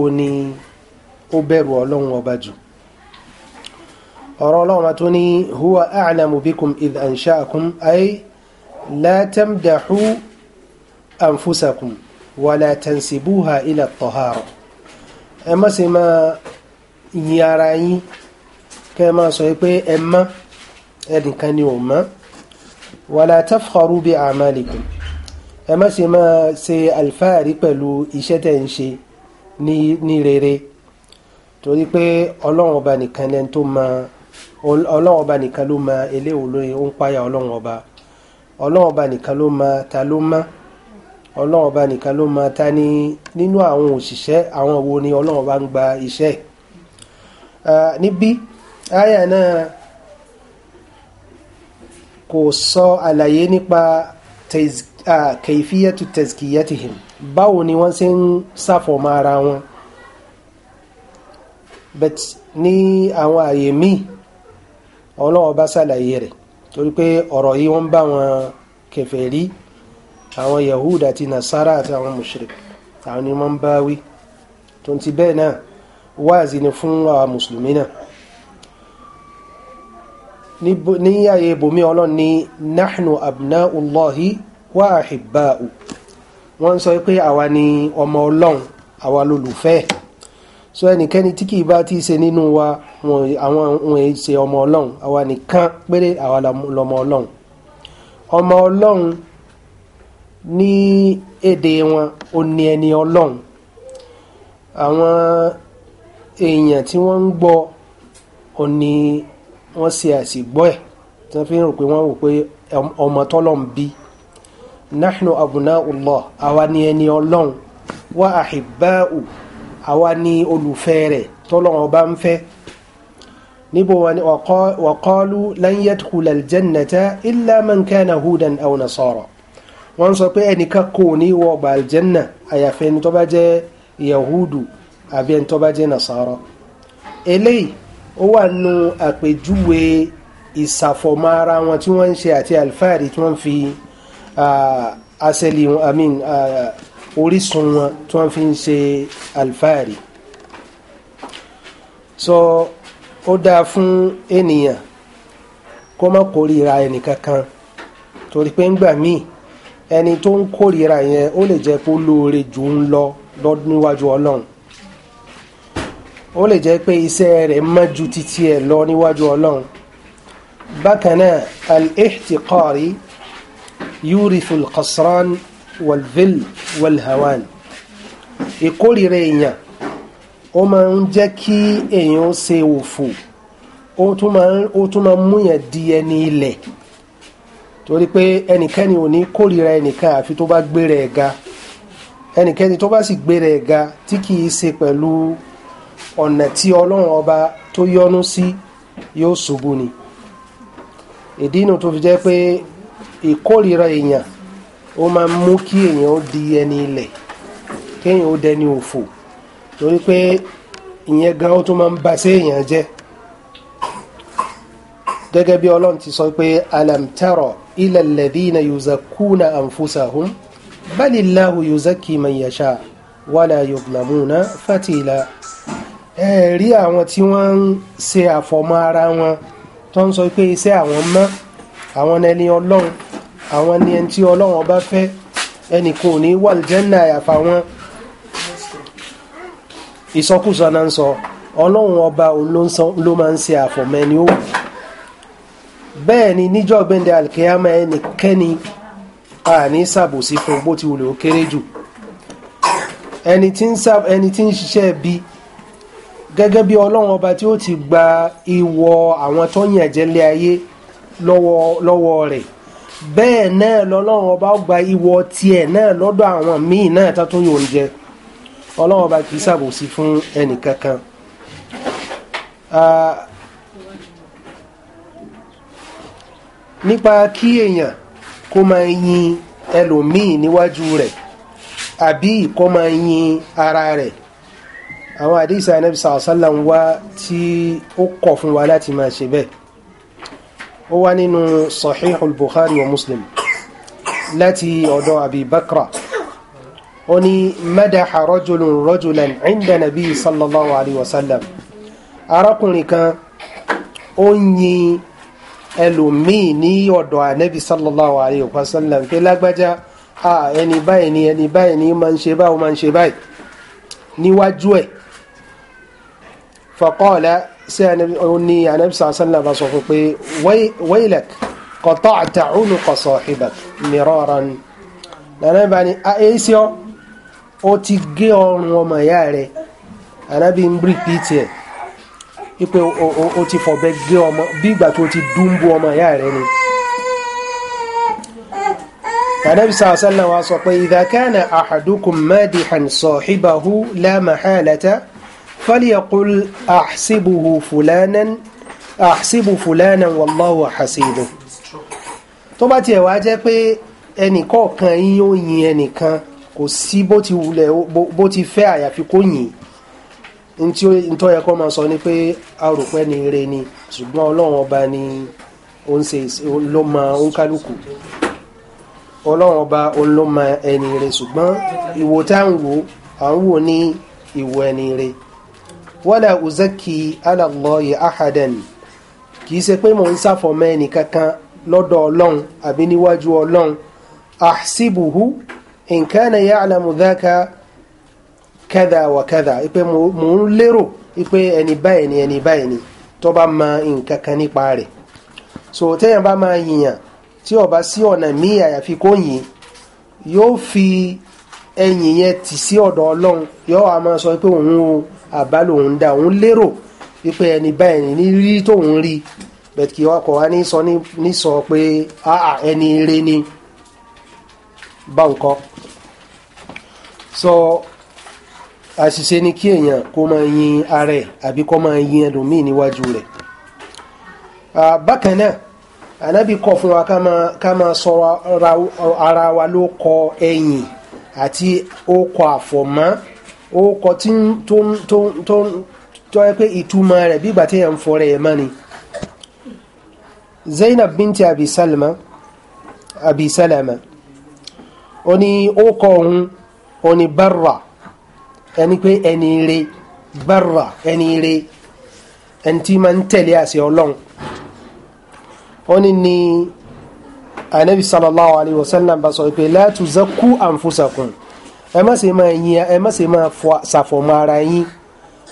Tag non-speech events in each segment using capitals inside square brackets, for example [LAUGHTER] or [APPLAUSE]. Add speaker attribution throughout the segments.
Speaker 1: ó ní ó bẹ̀rù ọlọ́run ọba jù ọ̀rọ̀ ọlọ́run tó ní huwa a'lamu bikum idh ansha'akum ay la tamdahu anfusakum wala tansibuha ila at-tahara ẹ má ṣe máa yin ara yín kẹ́ ẹ sọ pé ẹ mọ́ ẹnìkan ni ò mọ́ wala tafkharu bi a'malikum ẹ má ṣe máa ṣe alfáàrí pẹ̀lú iṣẹ́ tẹ̀ ń ṣe ní ní rere torí pé ọlọ́run ọba nìkan lẹ́ni tó mọ ọlọ́run ọba nìkan ló mọ eléwo lórí ó ń páyà ọlọ́run ọba ọlọ́run ọba nìkan ló mọ ta ló mọ ọlọ́run ọba nìkan ló mọ ta ni nínú àwọn òṣìṣẹ́ àwọn wo ni ọlọ́run ọba ń gba iṣẹ́ níbí àyà náà kò sọ àlàyé nípa kayfiyatu tazkiyatihim. Uh, báwo ni wọ́n ṣe ń ṣàfọ̀mọ́ ara wọn but ní àwọn àyè míì ọlọ́wọ́ bá ṣàlàyé rẹ̀ torí pé ọ̀rọ̀ yìí wọ́n bá wọn kèfèrí àwọn Yahud àti Nasara àti àwọn mushrik àwọn ni wọ́n bá wí tó ti bẹ́ẹ̀ náà wáàzì ni fún àwọn mùsùlùmí náà ní àyè ibòmí ọlọ́ni nahnu abna'ullahi wa ahibba'u wọ́n ń sọ pé àwa ni ọmọ ọlọ́run àwa lólùfẹ́ so ẹnikẹ́ni tí kìí bá ti ṣe nínú wa àwọn ohun èyí ṣe ọmọ ọlọ́run àwa nìkan péré àwa lọmọ ọlọ́run ọmọ ọlọ́run ní èdè wọn ò ní ẹni ọlọ́run àwọn èèyàn tí wọ́n ń gbọ́ ò ní wọ́n ṣe àṣìgbọ́ ẹ̀ tí wọ́n fi ń rò pé wọ́n rò pé ọmọ tọ́lọ́run bí nahnu abna'ullah àwa ni ẹni ọlọ́run wa ahibba'u àwa ni olùfẹ́ rẹ̀ tọ́lọ́run bá ń fẹ́ níbo wa qalu lan yadkhula aljannata illa man kana hudan aw nasara wọ́n sọ pé ẹnìkan kò ní wọ ọgbà aljanna àyàfẹ́ ẹni tó bá jẹ́ yahudu àbí ẹni tó bá jẹ́ nasara eléyìí ó wà nù àpèjúwe ìsàfọ̀mọ́ ara wọn tí wọ́n ń ṣe àti alfáàrí tí wọ́n fi Uh, asẹ́lì wọn i mean uh, orísun wọn tí wọ́n fi ń ṣe alfáàrí so ó dáa fún ènìyàn kó má kórìíra ẹnìkankan torí pé ńgbà míì ẹni tó ń kórìíra yẹn ó lè jẹ́ kó lóore jù ń lọ níwájú ọlọ́run ó lè jẹ́ pé iṣẹ́ rẹ̀ mọ́ ju titi ẹ̀ lọ níwájú ọlọ́run bákan náà al-ihtiqari yúrìfù kọsán wàlvil wàlhàwán ìkórìíra èèyàn ó máa ń jẹ́ kí èèyàn ó ṣe òfò ó tún máa ń múyàn di ẹni ilẹ̀ torí pé ẹnikẹ́ni ò ní kórìíra ẹnìkan àfi tó bá gbéra ẹ̀ ga ẹnikẹ́ni tó bá sì gbéra ẹ̀ ga tí kìí ṣe pẹ̀lú ọ̀nà tí ọlọ́run ọba tó yọ́nú sí yóò ṣubú ni ìdí inú tó fi jẹ́ pé ìkórira èèyàn ó máa ń mú kí èèyàn ó di ẹni ilẹ̀ kéèyàn ó dẹni òfò torí pé ìyẹn gan ó tún máa ń ba sí èèyàn jẹ́ gẹ́gẹ́ bí ọlọ́run ti sọ pé alam tara ila alladhina yuzakkuna anfusahum balillahu yuzakki man yasha wala fatila ẹ rí àwọn tí wọ́n ń ṣe àfọmọ́ ara wọn tó ń sọ pé iṣẹ́ àwọn mọ́ àwọn ẹni ọlọ́run àwọn ni ẹni tí ọlọ́run bá fẹ́ ẹnìkan ò ní wà lìjẹ́nà àyàfà wọn ìsọkúsọ náà ń sọ ọlọ́run ọba ló máa ń ṣe àfọ̀mẹ́ni ó bẹ́ẹ̀ ni níjọ́ gbẹ̀ndẹ̀ alkiyama ẹnikẹ́ni a ní ṣàbòsí fún bó ti wùlẹ̀ ó kéré jù ẹni tí ń ṣiṣẹ́ bí gẹ́gẹ́ bí ọlọ́run ọba tí ó ti gba ìwọ àwọn tó yàn jẹ́ lé ayé lọ́wọ́ rẹ̀ bẹ́ẹ̀ náà lọ́lọ́run ọba gba ìwọ tiẹ̀ náà lọ́dọ̀ àwọn míì náà tá tún yóò ń jẹ ọlọ́run ọba kìí ṣàbòsí fún ẹnì kankan. nípa kí èèyàn kó máa yin ẹlòmíì níwájú rẹ̀ àbí kó máa yin ara rẹ̀ àwọn àdéhìsá ẹnẹ́bísà ọ̀sán ń wá tí ó kọ̀ fún wa láti máa ṣe bẹ́ẹ̀ ó wá nínú sahih al-bukhari wa muslim láti ọ̀dọ̀ abi bakra ó ní madaha rajulun rajulan inda nabi sallallahu alayhi wa sallam arákùnrin kan ó yin ẹlòmíì ní ọ̀dọ̀ ànábì sallallahu alayhi wa sallam pé lágbájá a ẹni báyìí ni ẹni báyìí ni máa ń ṣe báyìí máa ń ṣe báyìí níwájú ẹ̀ faqala sí ní anabisa asálà bá sọ fún pé waylak qata'ta 'unuqa sahibak miraran nànàbà ni àìsí ọ ó ti gé ọrùn ọmọ ìyá rẹ ànábì ń bírí pìtì ẹ wípé ó ti fọ̀bẹ gé ọmọ bí ìgbà tó ti dúnbú ọmọ ìyá rẹ ni. النبي صلى الله عليه وسلم وصف إذا كان أحدكم مادحا صاحبه لا محالة فليقل أحسبه فلانا أحسب فلانا والله حسيبه tó bá tiẹ̀ wá jẹ́ pé ẹnìkọ̀ọ̀kan yín ó yin ẹnìkan kò sí bó ti wulẹ̀ bó ti fẹ́ àyàfi kó yìn ntí tó yẹ kó máa sọ ni pé arùpẹ́ ni ire ni ṣùgbọ́n ọlọ́run ọba ni ó ń ṣe ló mọ òǹkálùkù ọlọ́run ọba òun ló mọ ẹni ire ṣùgbọ́n ìwò tá à ń wò à ń wò ní ìwò ẹni ire wala uzaki ala Allahi ahadan kìí ṣe pé mò ń ṣàfọ̀mọ́ ẹnì kankan lọ́dọ̀ ọlọ́run àbí níwájú ọlọ́run ahsibuhu in kana ya'lamu dhaka kadha wa kadha ipe mò ń lérò ipe ẹni báyìí ni ẹni báyìí ni tó bá mọ nǹkan kan nípa rẹ̀ so téèyàn bá máa yìyàn tí ó sí ọ̀nà míì àyàfi kó yìn yóò fi ẹ̀yìn yẹn tì sí ọ̀dọ̀ ọlọ́run yóò wá máa sọ pé òun o àbá lòun dá òun lérò wípé ẹni báyìí ní rí tóun rí bẹ̀tì kí ọkọ̀ wa ní sọ ní sọ pé àà ẹni rí ni bá nǹkan sọ àṣìṣe ni kí èèyàn kó máa yin ara ẹ̀ àbí kó máa yin ẹlòmíì níwájú rẹ̀ bákan náà ànábì kọ̀ fún wa ká máa sọ ara wa ló kọ ẹ̀yìn àti ó kọ àfọ̀mọ́ orúkọ tí tó yẹ pé ìtumọ̀ rẹ̀ bí ìgbà tí yẹn ń fọ́ rẹ̀ yẹn mọ́ ni Zainab binti Abi Salama Abi Salama ó ní orúkọ òun ó ní barra ẹni pé ẹni re barra ẹni re ẹni tí máa ń tẹ̀lé àṣẹ Ọlọ́run ó ní ní anabi sallallahu alayhi wa sallam bá sọ pé la tuzakku anfusakum ẹ má ṣe máa yin ẹ má ṣe máa ṣàfọ̀mọ́ ara yín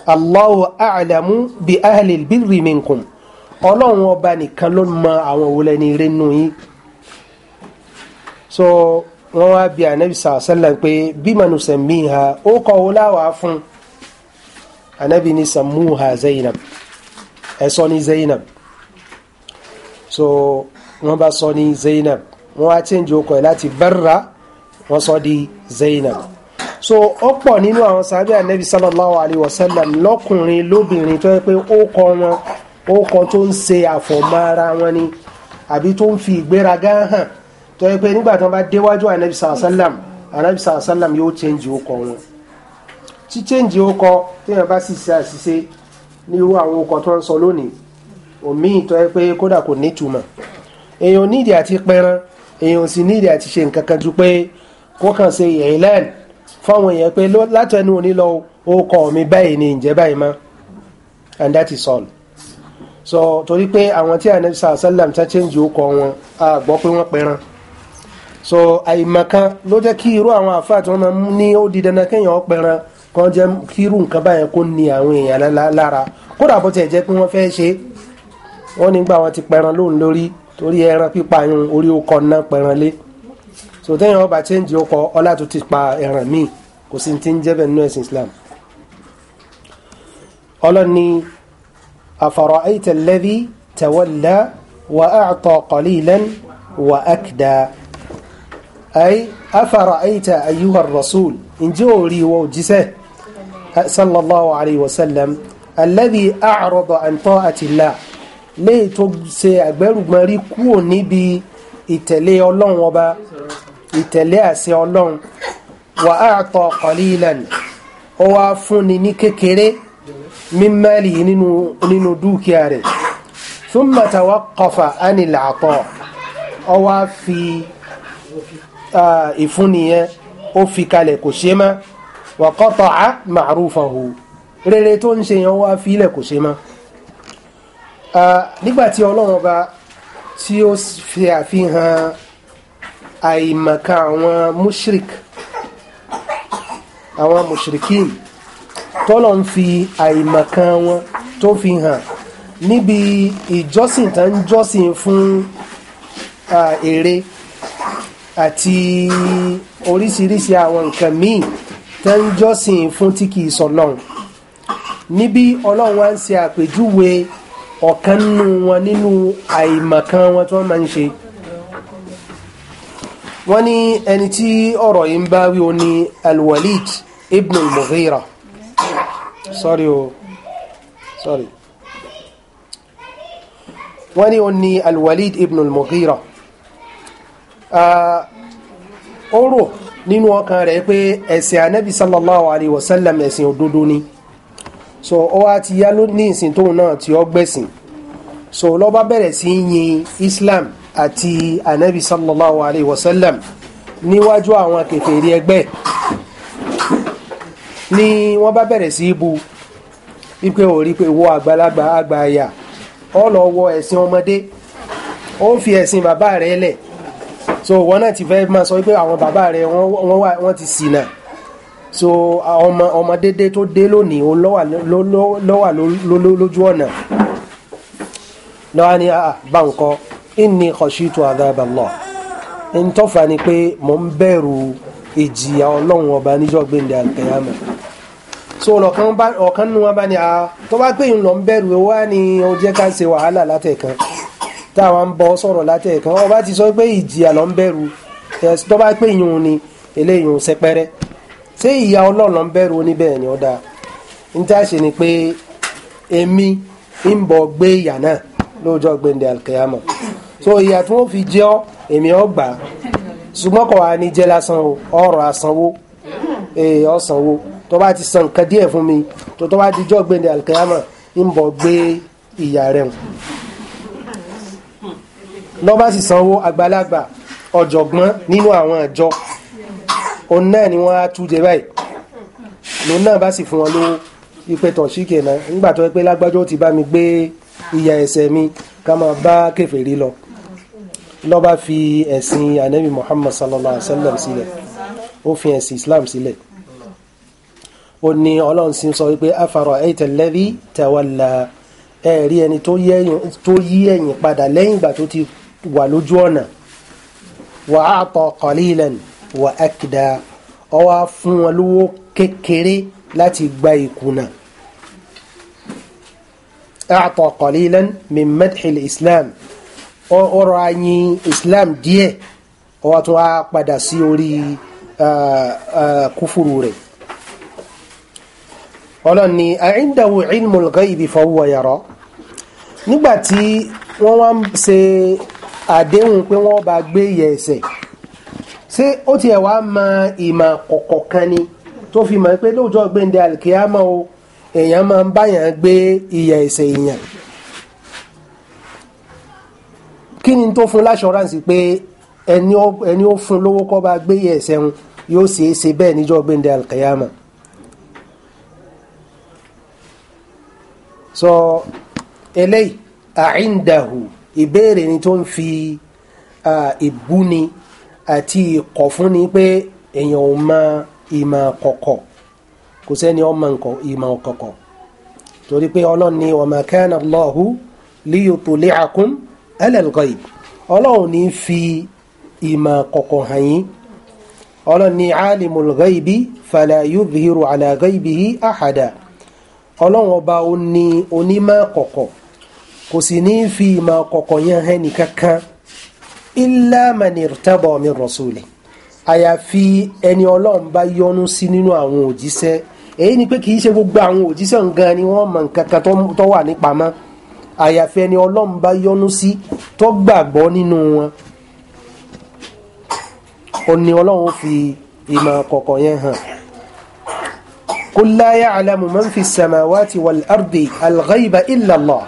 Speaker 1: allahu a'lamu bi ahlil birri minkum ọlọ́run ọba nìkan ló mọ àwọn òwúlẹ̀ ní eré nù yín so wọ́n wá bi anabi sàlẹ̀ pé bima nusammiha ó kọ́ ọ láwàá fún anabi ní sammuha zainab ẹ sọ ní zainab so wọ́n bá sọ ní zainab wọ́n wá change okọ̀ ẹ̀ láti barra wọ́n sọ di. Zainab so ọ̀pọ̀ nínú àwọn sábẹ́ ànẹ́bí sallallahu alayhi wa sallam lọ́kùnrin lóbìnrin tó yẹ pé ó kọ wọn ó kọ tó ń ṣe àfọ̀mọ́ wọn ni àbí tó ń fi ìgbéraga hàn tó yẹ pé nígbà tí wọ́n bá déwájú ànẹ́bí sallallahu alayhi wa sallam ànẹ́bí sallallahu yóò chẹ́ǹjì ó kọ wọn tí chẹ́ǹjì ó kọ téèyàn bá sì ṣe àṣìṣe ní irú àwọn ọkọ̀ tó ń sọ lónìí omi ìtọ́ ẹ pé kódà kò nítumọ̀ èèyàn nídìí àti pẹran èèyàn sì nídìí àti ṣe nǹkan kan ju pé kó kàn ṣe ìlẹ́n fáwọn èèyàn pé látẹnu òní lọ ó kọ mi báyìí ni ǹjẹ́ báyìí mọ́ and that is all so torí pé àwọn tí anabi sàlá sàlám tá change ó kọ wọn a gbọ́ pé wọ́n pẹran so àìmọ̀kan ló jẹ́ kí irú àwọn àfáà tí wọ́n máa ń ní ó di dandan kéèyàn ó pẹran kan jẹ́ kí irú nǹkan báyẹn kó ní àwọn èèyàn lára kódà bó tiẹ̀ jẹ́ pé wọ́n fẹ́ ṣe wọ́n nígbà wọn ti pẹran lóhùn lórí torí ẹran pípa yun orí ó kọ ná pẹran lé so tẹ́yìn ọba change ọkọ̀ ọlá tó ti pa ẹran míì kò sí ti ń jẹ́ bẹ́ẹ̀ nínú ẹ̀sìn Islam ọlọ́ni afara'ayta alladhi tawalla wa a'ta qalilan wa akda ay afara'ayta ayyuha ar-rasul ǹjẹ́ ò rí ìwọ òjíṣẹ́ sallallahu alayhi wa sallam alladhi a'rada an ta'atillah léè tó ṣe àgbẹ̀rùgbọ̀n rí kúrò níbi ìtẹ̀lé ọlọ́run ọba ìtẹ̀lé àṣẹ ọlọ́run wà á tọ qalilan ó wá fúnni ní kékeré mímẹ́lì nínú dúkìá rẹ̀ thumma tawaqqafa anil ata ó wá fi ìfúnni yẹn ó fi kalẹ̀ kò ṣe mọ́ wa qata'a ma'rufahu rere tó ń ṣe yẹn ó wá fi ilẹ̀ kò ṣe mọ́ nígbàtí ọlọ́run ọba tí ó fi àfihàn àìmọ̀ka àwọn mushrik àwọn mushrikin tọ́lọ̀ ń fi àìmọ̀ka wọn tó fi hàn níbi ìjọsìn tán jọ́sìn fún ère àti oríṣiríṣi àwọn nǹkan míì tán jọ́sìn fún tí kìí sọlọ́run níbi ọlọ́run wá ń ṣe àpèjúwe ọ̀kan nínú wọn nínú àìmọ̀kan wọn tí wọ́n máa ń ṣe wọ́n ní ẹni tí ọ̀rọ̀ yìí ń bá wí o ní alwalid ibn al-mughira sorry o sorry wọ́n ní o ní alwalid ibn al-mughira ó rò nínú ọkàn rẹ̀ pé ẹ̀sìn anábì sallallahu alayhi wa sallam ẹ̀sìn òdodo ni so ó wá ti yá ní ìsìn tóun náà tí ó gbẹ̀sìn so ló bá bẹ̀rẹ̀ sí yin islam àti anabi sallallahu alayhi wa sallam níwájú àwọn kèfèrí ẹgbẹ́ ni wọ́n bá bẹ̀rẹ̀ sí í bu wípé ò rí pé wo àgbàlagbà àgbà àyà ọ lọ wọ ẹ̀sìn ọmọdé ó fi ẹ̀sìn bàbá rẹ̀ lẹ̀ so wọn náà ti fẹ́ máa sọ wípé àwọn bàbá rẹ̀ wọ́n ti ṣìnà so ọmọ ọmọ tó dé lónìí ó lọ́wà lójú ọ̀nà lọ́wọ́ ni bá ń inni khashitu adhab Allah ń ni pe mo n bẹ̀rù ìjìyà ọlọ́run ọba níjọ́ gbẹ̀ndẹ̀ àkẹyàmà so ọ̀kan nínú wọn bá ní a tó bá pé ìlọ ń bẹ̀rù wá ní ó jẹ́ ká ṣe wàhálà látẹ̀kan táwọn ń bọ sọ̀rọ̀ látẹ̀kan ọba ti sọ pé ìjìyà lọ ń bẹ̀rù tó bá pé ni ṣé ń ni ó dáa ṣe ni pé èmi ń so ìyà tí wọ́n fi jẹ ọ́ èmi ọ́ gbà ṣùgbọ́n kọ̀ wá ní jẹ́ lásán o ọ̀rọ̀ àsanwó ee eh, ọ̀sanwó tó bá ti san nǹkan díẹ̀ fún mi tó tó bá ti jọ́ gbẹ̀ndẹ̀ alikiyama ń bọ̀ gbé ìyà rẹ̀ o lọ́ba sì sanwó àgbàlagbà ọ̀jọ̀gbọ́n nínú àwọn àjọ òun náà ni wọ́n á tú jẹ báyìí lòun náà bá sì fún wọn lówó ipe tọ̀síkè náà nígbà tó yẹ pé lágbájọ́ ti bá mi gbé ìyà ẹ̀ṣẹ̀ mi ká máa bá kèfèrí lọ ló bá fi ẹ̀sìn anabi muhammad sallallahu alaihi wa sallam sílẹ̀ ó fi ẹ̀sìn islam sílẹ̀ ó ní ọlọ́run sì sọ wípé afara'ayta alladhi tawalla ẹ̀rí ẹni tó yí ẹ̀yìn padà lẹ́yìn ìgbà tó ti wà lójú ọ̀nà wa a'ta qalilan wa akda ó wá fún wọn lówó kékeré láti gba ìkùnà a'ta qalilan min madhil islam. ọ̀rọ̀ anyị islam díẹ̀ ọwọ́ tó padà sí orí kúfùrù rẹ̀ ọlọ́ni àìndàwò ilmul ghaibi fahuwa nígbàtí wọ́n wá ń se àdéhùn pé wọ́n bá gbé yẹ̀ ẹ̀sẹ̀ ó ti ẹ̀ wá mọ kọ̀kọ̀ kan ni tó fi mọ̀ pé lóòjọ́ o èèyàn máa ń báyàn kí ni tó fún láṣọ́ránsì pé ẹni ó fún lówó kọ́ bá gbé yẹ̀ sẹ́hun yóò ṣe é ṣe bẹ́ẹ̀ níjọ́ gbẹ̀ndẹ̀ alkiyama so eléyìí àìndàhù ìbéèrè ni tó ń fi ìbúni àti ìkọ̀ fún ni pé èèyàn ò mọ ìmọ̀ kọ̀kọ̀ kò sẹ́ni ọmọ ìmọ̀ kọ̀kọ̀ torí pé ọlọ́ni wa ma kana Allahu liyutli'akum alal-ghaib ọlọ́run ní fi ìmọ̀ kọ̀kọ̀ hàn yín ọlọ́run ní alimul ghaibi fala yudhiru ala ghaibihi ahada ọlọ́run ọba ó ní onímọ̀ kọ̀kọ̀ kò sì ní fi ìmọ̀ kọ̀kọ̀ yẹn hàn nìkankan illa man irtada min rasuli àyàfi ẹni ọlọ́run bá yọ́nú sí nínú àwọn òjíṣẹ́ èyí ni pé kì í ṣe gbogbo àwọn òjíṣẹ́ ngan ni wọ́n mọ̀ nǹkan kan tó wà nípamọ́ àyàfi ẹni ọlọ́run bá yọ́nú sí tó gbàgbọ́ nínú wọn ó ní ọlọ́run fi ìmọ̀ kọ̀kọ̀ yẹn hàn kul la ya'lamu man fi samawati wal ardi al-ghayba illa Allah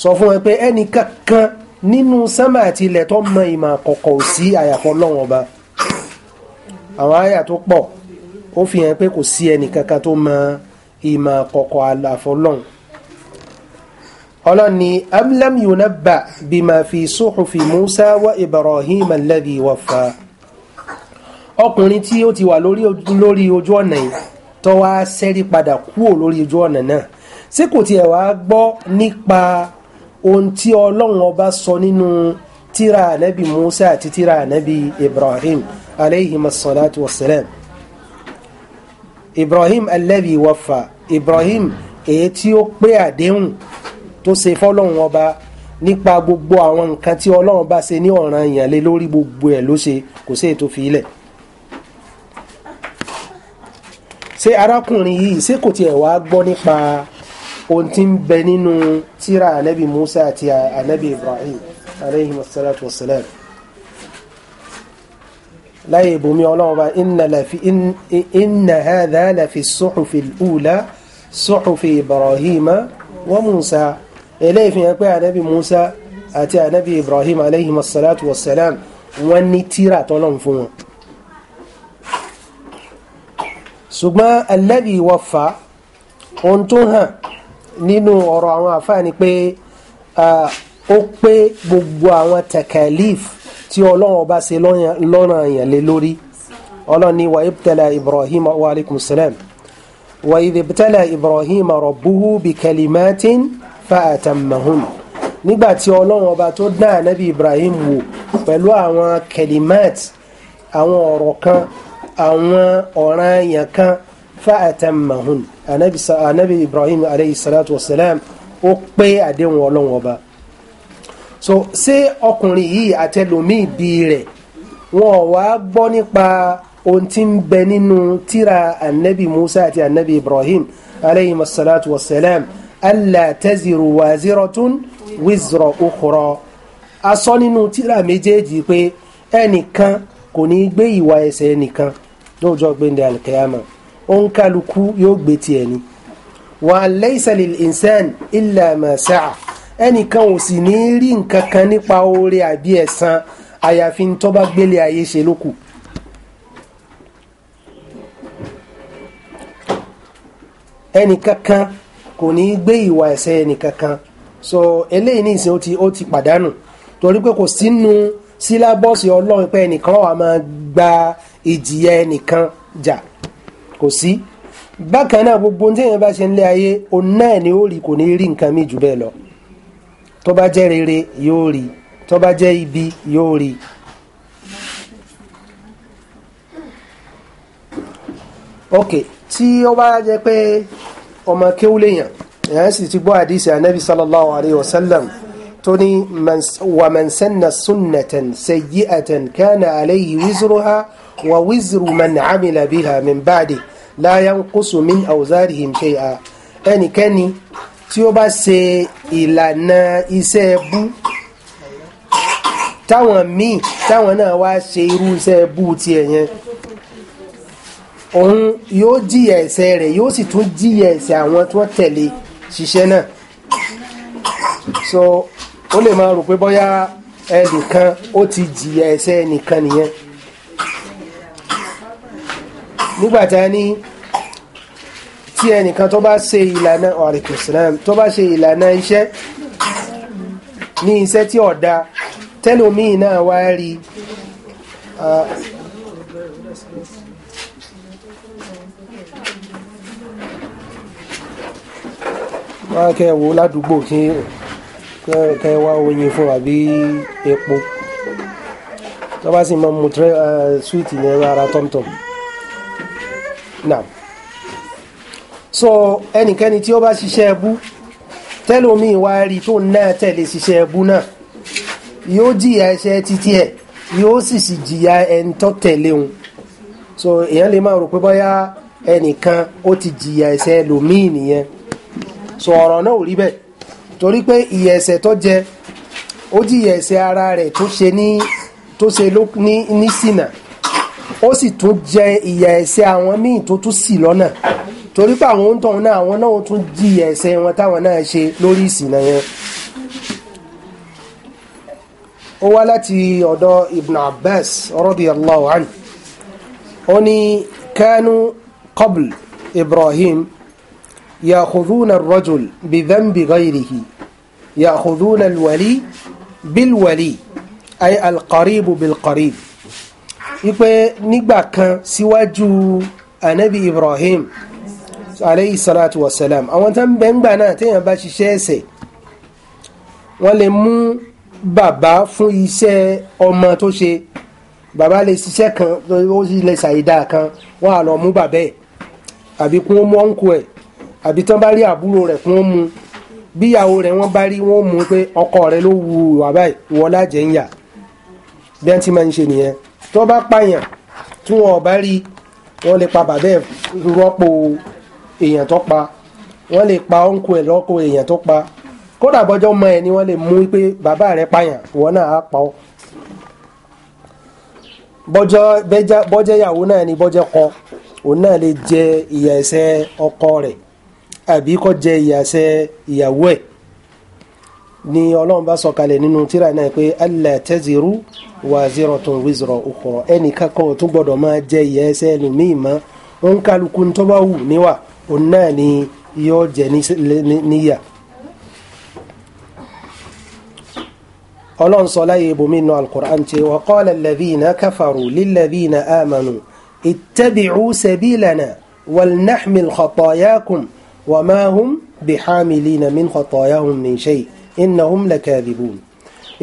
Speaker 1: sọ fún wọn pé ẹni kankan nínú sánmà àti ilẹ̀ tó mọ ìmọ̀ kọ̀kọ̀ sí àyàfi ọlọ́run ọba àwọn àyà tó pọ̀ ó fi hàn pé kò sí ẹnì kankan tó mọ ìmọ̀ kọ̀kọ̀ àlàfọlọ́run ọlọ́run ni amlam yunabba bima fi suhufi musa wa ibrahim alladhi wafa ọkùnrin tí ó ti wà lórí ojú ọ̀nà yìí tó wá ṣẹ́rí padà kúò lórí ojú ọ̀nà náà ṣé kò tiẹ̀ wá gbọ́ nípa ohun tí ọlọ́run ọba sọ nínú tíra ànábì musa àti tíra ànábì ibrahim aleyhim asalaatu wasalaam ibrahim alladhi wafa ibrahim èyí tí ó pé àdéhùn tó ṣe fọ́lọ́run ọba nípa gbogbo àwọn nǹkan tí ọlọ́run bá ṣe ní ọ̀ràn èèyàn lé lórí gbogbo ẹ̀ ló ṣe kò sí ètò fìlẹ̀ ṣé arákùnrin yìí ṣé kò tiẹ̀ wá gbọ́ nípa ohun tí ń bẹ nínú tírà anabi Musa àti anabi Ibrahim aleyhi masalatu wasalam láyé ìbomi ọlọ́run bá inna hadha la fi ula suhufi Ibrahima wa Musa eléyìí fi hàn pé anabi musa àti anabi ibrahim aleyhi masalatu wasalam wọ́n ní tíra tọ́lọ́n fún wọn ṣùgbọ́n alladhi waffa ohun tó hàn nínú ọ̀rọ̀ àwọn àfáà ni pé ó pé gbogbo àwọn takalif tí ọlọ́run ọba ṣe lọ́nà èèyàn lé lórí ọlọ́run ni wa ibtala ibrahim wa alaikum salam wa ibtala ibrahim rabbuhu bi kalimatin fa'atammahun nígbàtí ọlọ́run ọba tó dán ànábì ibrahim wò pẹ̀lú àwọn kelimat àwọn ọ̀rọ̀ kan àwọn ọ̀ràn yẹn kan fa'atammahun ànábì ibrahim aleyhi wasalam ó pé àdéhùn ọlọ́run ọba so ṣé ọkùnrin yìí àtẹlòmíì bíi rẹ̀ wọn ò wá gbọ́ nípa ohun tí ń bẹ nínú tírà ànábì musa àti ànábì ibrahim aleyhi wasalam alla taziru waziratun wizra ukhra a sọ nínú tírà méjèèjì pé ẹnìkan kò ní gbé ìwà ẹ̀ṣẹ̀ ẹnìkan lọ́jọ́ gbẹ̀ndẹ̀ alkiyama òun kálukú yóò gbé tiẹ̀ ni wa laysa lil insan illa ma sa'a ẹnìkan ò sì ní rí nǹkan kan nípa oore àbí ẹ̀san àyàfi tó bá gbélé ayé ṣe lókù ẹnìkan kan kò ní gbé ìwà ẹ̀ṣẹ̀ ẹnìkankan so eléyìí ní ìsìn ó ti ó ti pàdánù torí pé kò sínú sílábọ́ọ̀sì ọlọ́run pé ẹnìkan wà máa gba ìjìyà ẹnìkan jà kò sí bákan náà gbogbo ohun tí èèyàn bá ṣe ń lé ayé òun náà ni ó rí kò ní rí nǹkan míì jù bẹ́ẹ̀ lọ tó bá jẹ́ rere yóò rí tó bá jẹ́ ibi yóò rí. ok tí ó bá jẹ́ pé ọmọ kéwúléyàn èèyàn sì ti gbọ́ àdìsí anabi sallallahu alayhi wa sallam tó ní wàmàn sanna sunnatan sayyi'atan kana alayhi wizruha wa wizru man amila biha min ba'di la yanqusu min awzarihim shay'a ẹnikẹ́ni tí ó bá ṣe ìlànà iṣẹ́ bú táwọn míì táwọn náà wá ṣe irú iṣẹ́ bú tiẹ̀ yẹn òun yóò jìyà ẹ̀ṣẹ̀ rẹ̀ yóò sì tún jìyà ẹ̀ṣẹ̀ àwọn tó tẹ̀lé ṣiṣẹ́ náà so ó lè máa rò pé bóyá ẹnìkan ó ti jìyà ẹ̀ṣẹ̀ ẹnìkan nìyẹn nígbàtá ní tí ẹnìkan tó bá ṣe ìlànà ọ̀rẹ́kùn islam tó bá ṣe ìlànà iṣẹ́ ní iṣẹ́ tí ọ̀dà tẹ́lómìn náà wá rí wá kẹ́ wo ládùúgbò kí kẹ́ wá oyin fún àbí epo tó bá sì mọ mu tẹ suwiti yẹn ara tọ́mtọ́m so ẹnikẹ́ni tí ó bá ṣiṣẹ́ ẹbú tẹ́lómìn wá rí tó náà tẹ̀lé ṣiṣẹ́ ẹbú náà yóò jìyà ẹ̀ṣẹ̀ títí ẹ̀ yóò sì sì jìyà ẹni tẹ̀lé òun so èèyàn lè máa rò pé bóyá ẹnìkan ó ti jìyà ẹ̀ṣẹ̀ ẹlòmíì nìyẹn sọ ọ̀rọ̀ náà ò rí bẹ́ẹ̀ torí pé ìyẹ̀ ẹ̀ṣẹ̀ tó jẹ ó jìyà ẹ̀ṣẹ̀ ara rẹ̀ tó ṣe ní tó ṣe ní ní ṣìnà ó sì tún jẹ ìyà ẹ̀ṣẹ̀ àwọn míì tó tún ṣì lọ́nà torí pé àwọn oúntọ̀hún náà àwọn náà tún jìyà ẹ̀ṣẹ̀ wọn táwọn náà ṣe lórí ìṣìnà yẹn ó wá láti ọ̀dọ̀ ibn abbas radiyallahu anhu ó ní kánú qabl ibrahim يأخذون الرجل بذنب غيره يأخذون الولي بالولي أي القريب بالقريب ipe nígbà kan síwájú anabi ibrahim alayhi salatu wasalam àwọn tó ń bẹ ńgbà náà téèyàn bá ṣiṣẹ́ ẹ̀ṣẹ̀ wọ́n lè mú bàbá fún iṣẹ́ ọmọ tó ṣe bàbá lè ṣiṣẹ́ kan ó sì lè ṣàìdá kan wọ́n á lọ mú bàbá ẹ̀ àbí kún ó mú ọ̀nkù ẹ̀ àbí tán bá rí àbúrò rẹ̀ kún ó mu bíyàwó rẹ̀ wọ́n bá rí wọ́n mú pé ọkọ rẹ̀ ló wu ìwà báyìí wọ́n ń yà bí wọ́n máa ń ṣe nìyẹn tó bá pààyàn tí wọn ò bá rí wọ́n lè pa bàbá ẹ̀ rọ́pò èèyàn tó pa wọ́n lè pa ọ̀nkù ẹ̀ rọ́pò èèyàn tó pa kódà bọ́jọ́ mọ ẹ ni wọ́n lè mú pé bàbá rẹ̀ pààyàn wọ́n náà á pa ọ́ bọ́jọ́ bọ́jẹ́ ìyàwó náà ni bọ́jẹ́ kọ òun náà lè jẹ ìyà ẹ̀ṣẹ̀ ọkọ rẹ̀ àbí kó jẹ ìyàsẹ́ ìyàwó ẹ̀ ni ọlọ́run bá sọ̀kalẹ̀ nínú tírà náà pé alla taziru waziratun wizra ukhra ẹnìkan kan ò tún gbọ́dọ̀ máa jẹ ìyàsẹ́ ẹlòmíì mọ́ òun kálukú tó bá wù níwà òun náà ni yóò jẹ níyà. ọlọ́run sọ láyé ibùmí nù al-Qur'an tí wa qala alladhina kafaru lilladhina amanu ittabi'u sabilana وما هم بحاملين من خطاياهم من شيء إنهم لكاذبون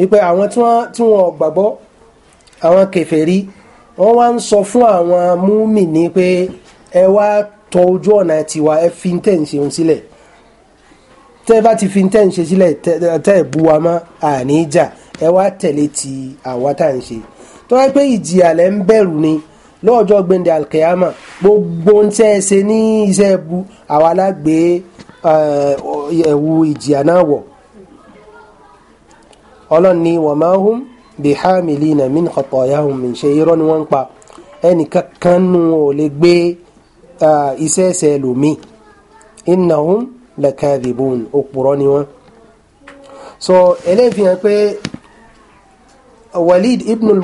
Speaker 1: ipe àwọn tí wọ́n gbàgbọ́ àwọn kèfèrí wọ́n wá ń sọ fún àwọn múmìnì pé ẹ wá tọ ojú ọ̀nà tiwa ẹ fi tẹ̀ ń ṣeun sílẹ̀ tẹ́ bá ti fi tẹ̀ ń ṣe sílẹ̀ tẹ́ bu wa mọ́ àní ìjà ẹ wá tẹ̀lé ti àwa tá à ń ṣe tó wáyé pé ìjìyà ni lọ́jọ́ gbẹ̀ndẹ̀ alkiyama gbogbo ń tẹ́ ẹ ṣe ní iṣẹ́ ẹbu àwa alágbé eh, ẹ̀wù ìjìyà náà wọ̀ ọlọ́ni wa ma hum bihamilina min khatayahum min shay irọ́ ni wọ́n ń pa ẹnì kankan nù ò lè gbé eh, iṣẹ́ ẹ̀ṣẹ̀ lòmíì innahum lakadhibun òpùrọ́ ni wọ́n so eléyìí fi hàn pé Walid ibn al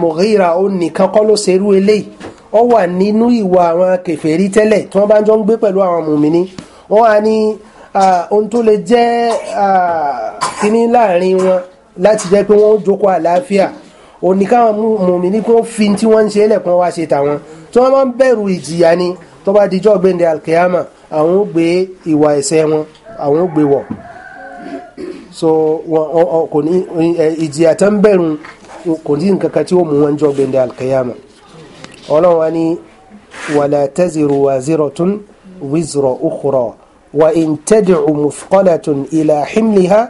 Speaker 1: ó nìkan kọ́ ló ṣerú eléyìí ó wà nínú ìwà àwọn kèfèrí tẹ́lẹ̀ tí wọ́n bá jọ ń gbé pẹ̀lú àwọn mùmíní wọ́n á ní ohun tó lè jẹ́ kíní láàrin wọn láti jẹ́ pé wọ́n jókòó àlàáfíà òní mùmíní kó fi tí wọ́n ń ṣe lẹ̀kùn wá ṣe tàwọn tí wọ́n máa ń bẹ̀rù ìjìyà ni tó bá dijọ́ gbẹ̀ndẹ̀ alkiyama àwọn ó gbé ìwà ẹ̀ṣẹ̀ wọn àwọn ó gbé wọ̀ so wọn kò ní ìjìyà tó ń bẹ̀rù kò ní nǹkan kan tí ó mú wọn jọ gbẹ̀ndẹ̀ alkiyama ọlọ́run wa ní wàlá taziru waziratun wizra ukhra wa in tad'u mufqalatun ila himliha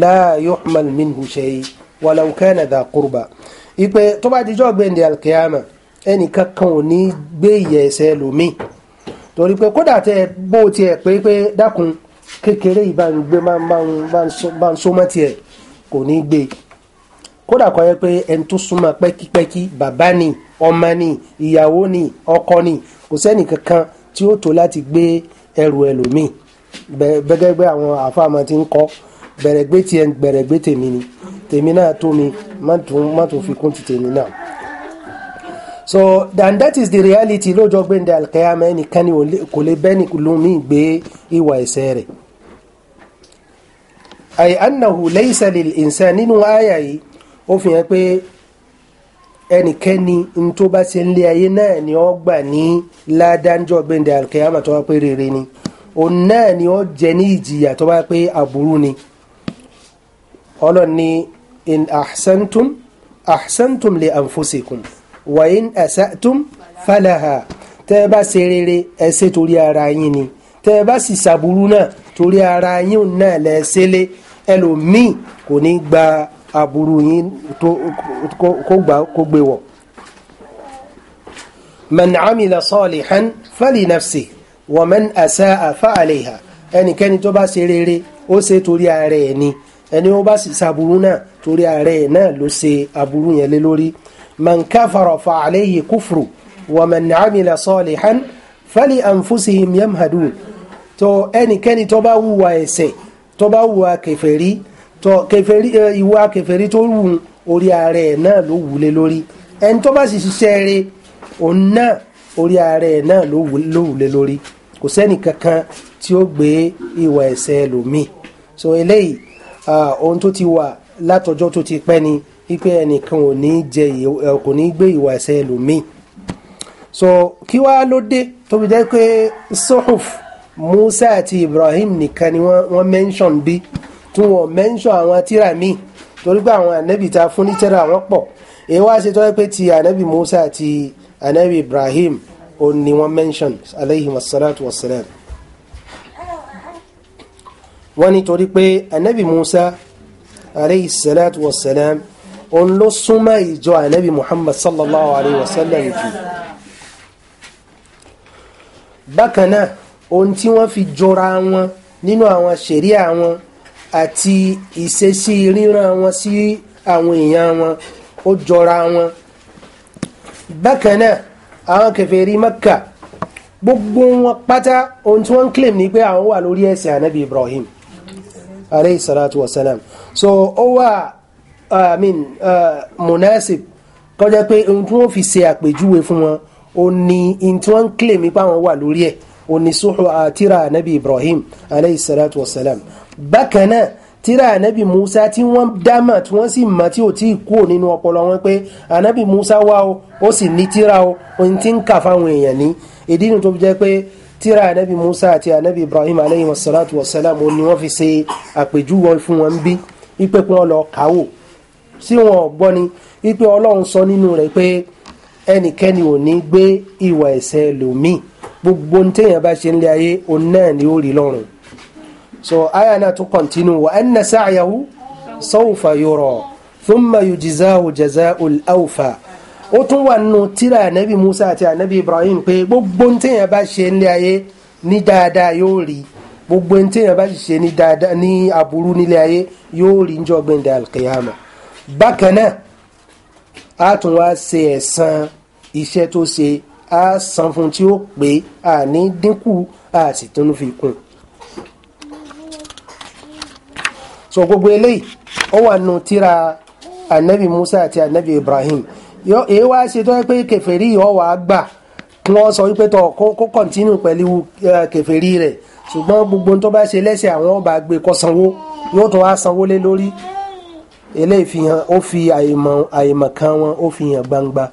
Speaker 1: la yuhmal minhu shay walau kana dha qurba ipe tó bá dijọ́ gbẹ̀ndẹ̀ alkiyama ẹnìkan kan ò ní gbé ìyẹ̀ ẹsẹ̀ lómi torí pé kódà tẹ bó tiẹ̀ pé pé dákun kékeré ìbánigbé máa ń sọmọ́ tiẹ̀ kò ní gbé kódà kọ́ yẹ pé ẹni tó súnmọ́ pẹ́kípẹ́kí bàbá ni ọmọ ni ìyàwó ni ọkọ ni kò sẹ́ni kankan tí ó tó láti gbé ẹrù ẹlòmíì bẹ́gẹ́gbẹ́ àwọn àfáàmọ́ ti ń kọ́ gbẹ̀rẹ̀gbé tiẹ̀ gbẹ̀rẹ̀gbé tèmi ni tèmi náà tó mi má tún fi kún ti tèmi náà. so and that is the reality lọ́jọ́ gbẹ̀ndẹ̀ alkeyama ẹnìkan ni kò lè bẹ́ni lómi gbé ìwà ẹ̀ṣẹ̀ rẹ̀. ay annahu laysa lil insan nínú àyà yìí ó fi hàn pé ẹnikẹ́ni n tó bá ṣe nílé ayé náà ni ó gbà ní ládánjọ́ gbẹ̀ndẹ̀ alkiyama tó bá pé rere ni òun náà ni ó jẹ ní ìjìyà tó bá pé aburú ni ọlọ́ni in ahsantum ahsantum li anfusikum wa asatum falaha tẹ́ bá ṣe rere ẹ torí ara yín ni tẹ́ bá sì ṣàbúrú náà torí ara yín náà lẹ ṣẹlẹ̀ ẹlòmíì kò ní gba aburú yín kó gbé wọ̀ man amila salihan fali nafsi wa man asa'a fa alayha ẹnikẹ́ni tó bá ṣe rere ó ṣe torí ara ẹ̀ ni ẹni ó bá sì ṣàbúrú náà torí ara ẹ̀ náà ló ṣe aburú yẹn lé man kafara fa alayhi kufru wa man amila salihan fali anfusihim yamhadun tó ẹnikẹ́ni tó bá wùwà ẹ̀ṣẹ̀ tó bá wùwà kèfèrí tó kèfèrí ìwà kèfèrí tó wù orí ààrẹ náà ló wù lé lórí ẹni tó bá sì ṣiṣẹ́ rẹ̀ òun náà orí ààrẹ náà ló wù lé lórí kò sẹ́ni kankan tí ó gbé ìwà ẹ̀ṣẹ̀ lòmíì so eléyìí ohun tó ti wà látọjọ́ tó ti pẹ́ ni wípé ẹnìkan ò ní jẹ kò ní gbé ìwà ẹ̀ṣẹ̀ lòmíì so kí wá ló dé tó fi jẹ́ pé sohuf Musa àti Ibrahim nìkan ni wọ́n mention bí tí wọn mẹ́ńṣọ̀ àwọn tíra míì torí pé àwọn ànábì ta fún ní tíra wọn pọ̀ èyí wá ṣe tó yẹ pé ti ànábì Musa àti ànábì Ibrahim òun ni wọ́n mẹ́ńṣọ̀n aleyhi wasalaatu wasalaam wọ́n ní torí pé ànábì Musa aleyhi salaatu wasalaam òun ló súnmọ́ ìjọ ànábì Muhammad sallallahu alayhi wa sallam jù bákan náà ohun tí wọ́n fi jọra wọn nínú àwọn ṣẹ̀ríà wọn àti ìṣesí ríran wọn sí àwọn èèyàn wọn ó jọra wọn bákan náà àwọn kèfèrí Mẹ́kà gbogbo wọn pátá ohun tí wọ́n ń claim ni pé àwọn wà lórí ẹ̀sìn ànábì Ibrahim alayhi salatu wa salam so ó wà I mean uh, munasib kọjá pé ohun tí wọ́n fi ṣe àpèjúwe fún wọn ó ní ohun tí wọ́n ń claim pé àwọn wà lórí ẹ̀ onísùhù àtìrà نبي إبراهيم عليه salatu wasalam bákan náà tírà ànábì musa tí wọ́n dámà tí wọ́n sì mọ̀ tí ò tí ì kúrò nínú ọpọlọ wọn pé ànábì musa wá o ó sì ní tírà o ohun tí ń kà fáwọn èèyàn ní ìdí nu tó fi jẹ́ pé tírà ànábì musa àti ànábì ibrahim aleyhi wasalatu wasalam ó ní wọ́n fi ṣe àpèjúwe fún wọn bí ipe pé wọ́n lọ kàwò sí wọn ọ̀gbọ́ ni ipe ọlọ́run sọ nínú rẹ̀ pé ẹnikẹ́ni ò ní gbé ìwà ẹ̀ṣẹ̀ lòmíì gbogbo téèyàn bá ṣe ń lé ayé òun náà ni ó rí lọ́rùn so aya náà tún kọ̀ntínú wa anna sa'yahu sawfa yura thumma yujzahu jaza'ul awfa ó tún wà nù tírà ànábì Musa àti ànábì Ibrahim pé gbogbo téèyàn bá ṣe ń lé ayé ní dáadáa yóò rí gbogbo téèyàn bá ṣe ní dáadáa ní aburú nílé ayé yóò rí njọ́ gbẹ̀ndẹ̀ alkiyama bákan náà a tún wá ṣe ẹ̀san iṣẹ́ tó ṣe a san fún tí ó pé a ní dínkù a sì tún fi kún so gbogbo eléyìí ó wà nù tíra anabi Musa àti anabi Ibrahim èyí wá ṣe tó yẹ pé kèfèrí yìí ó wá gbà kí wọ́n sọ wípé tó kó kọ́ntínú pẹ̀lú kèfèrí rẹ̀ ṣùgbọ́n gbogbo tó bá ṣe lẹ́sẹ̀ àwọn ọba gbé kó sanwó yóò tún wá sanwó lé lórí eléyìí fi hàn ó fi àìmọ̀ kan wọn ó fi hàn gbangba.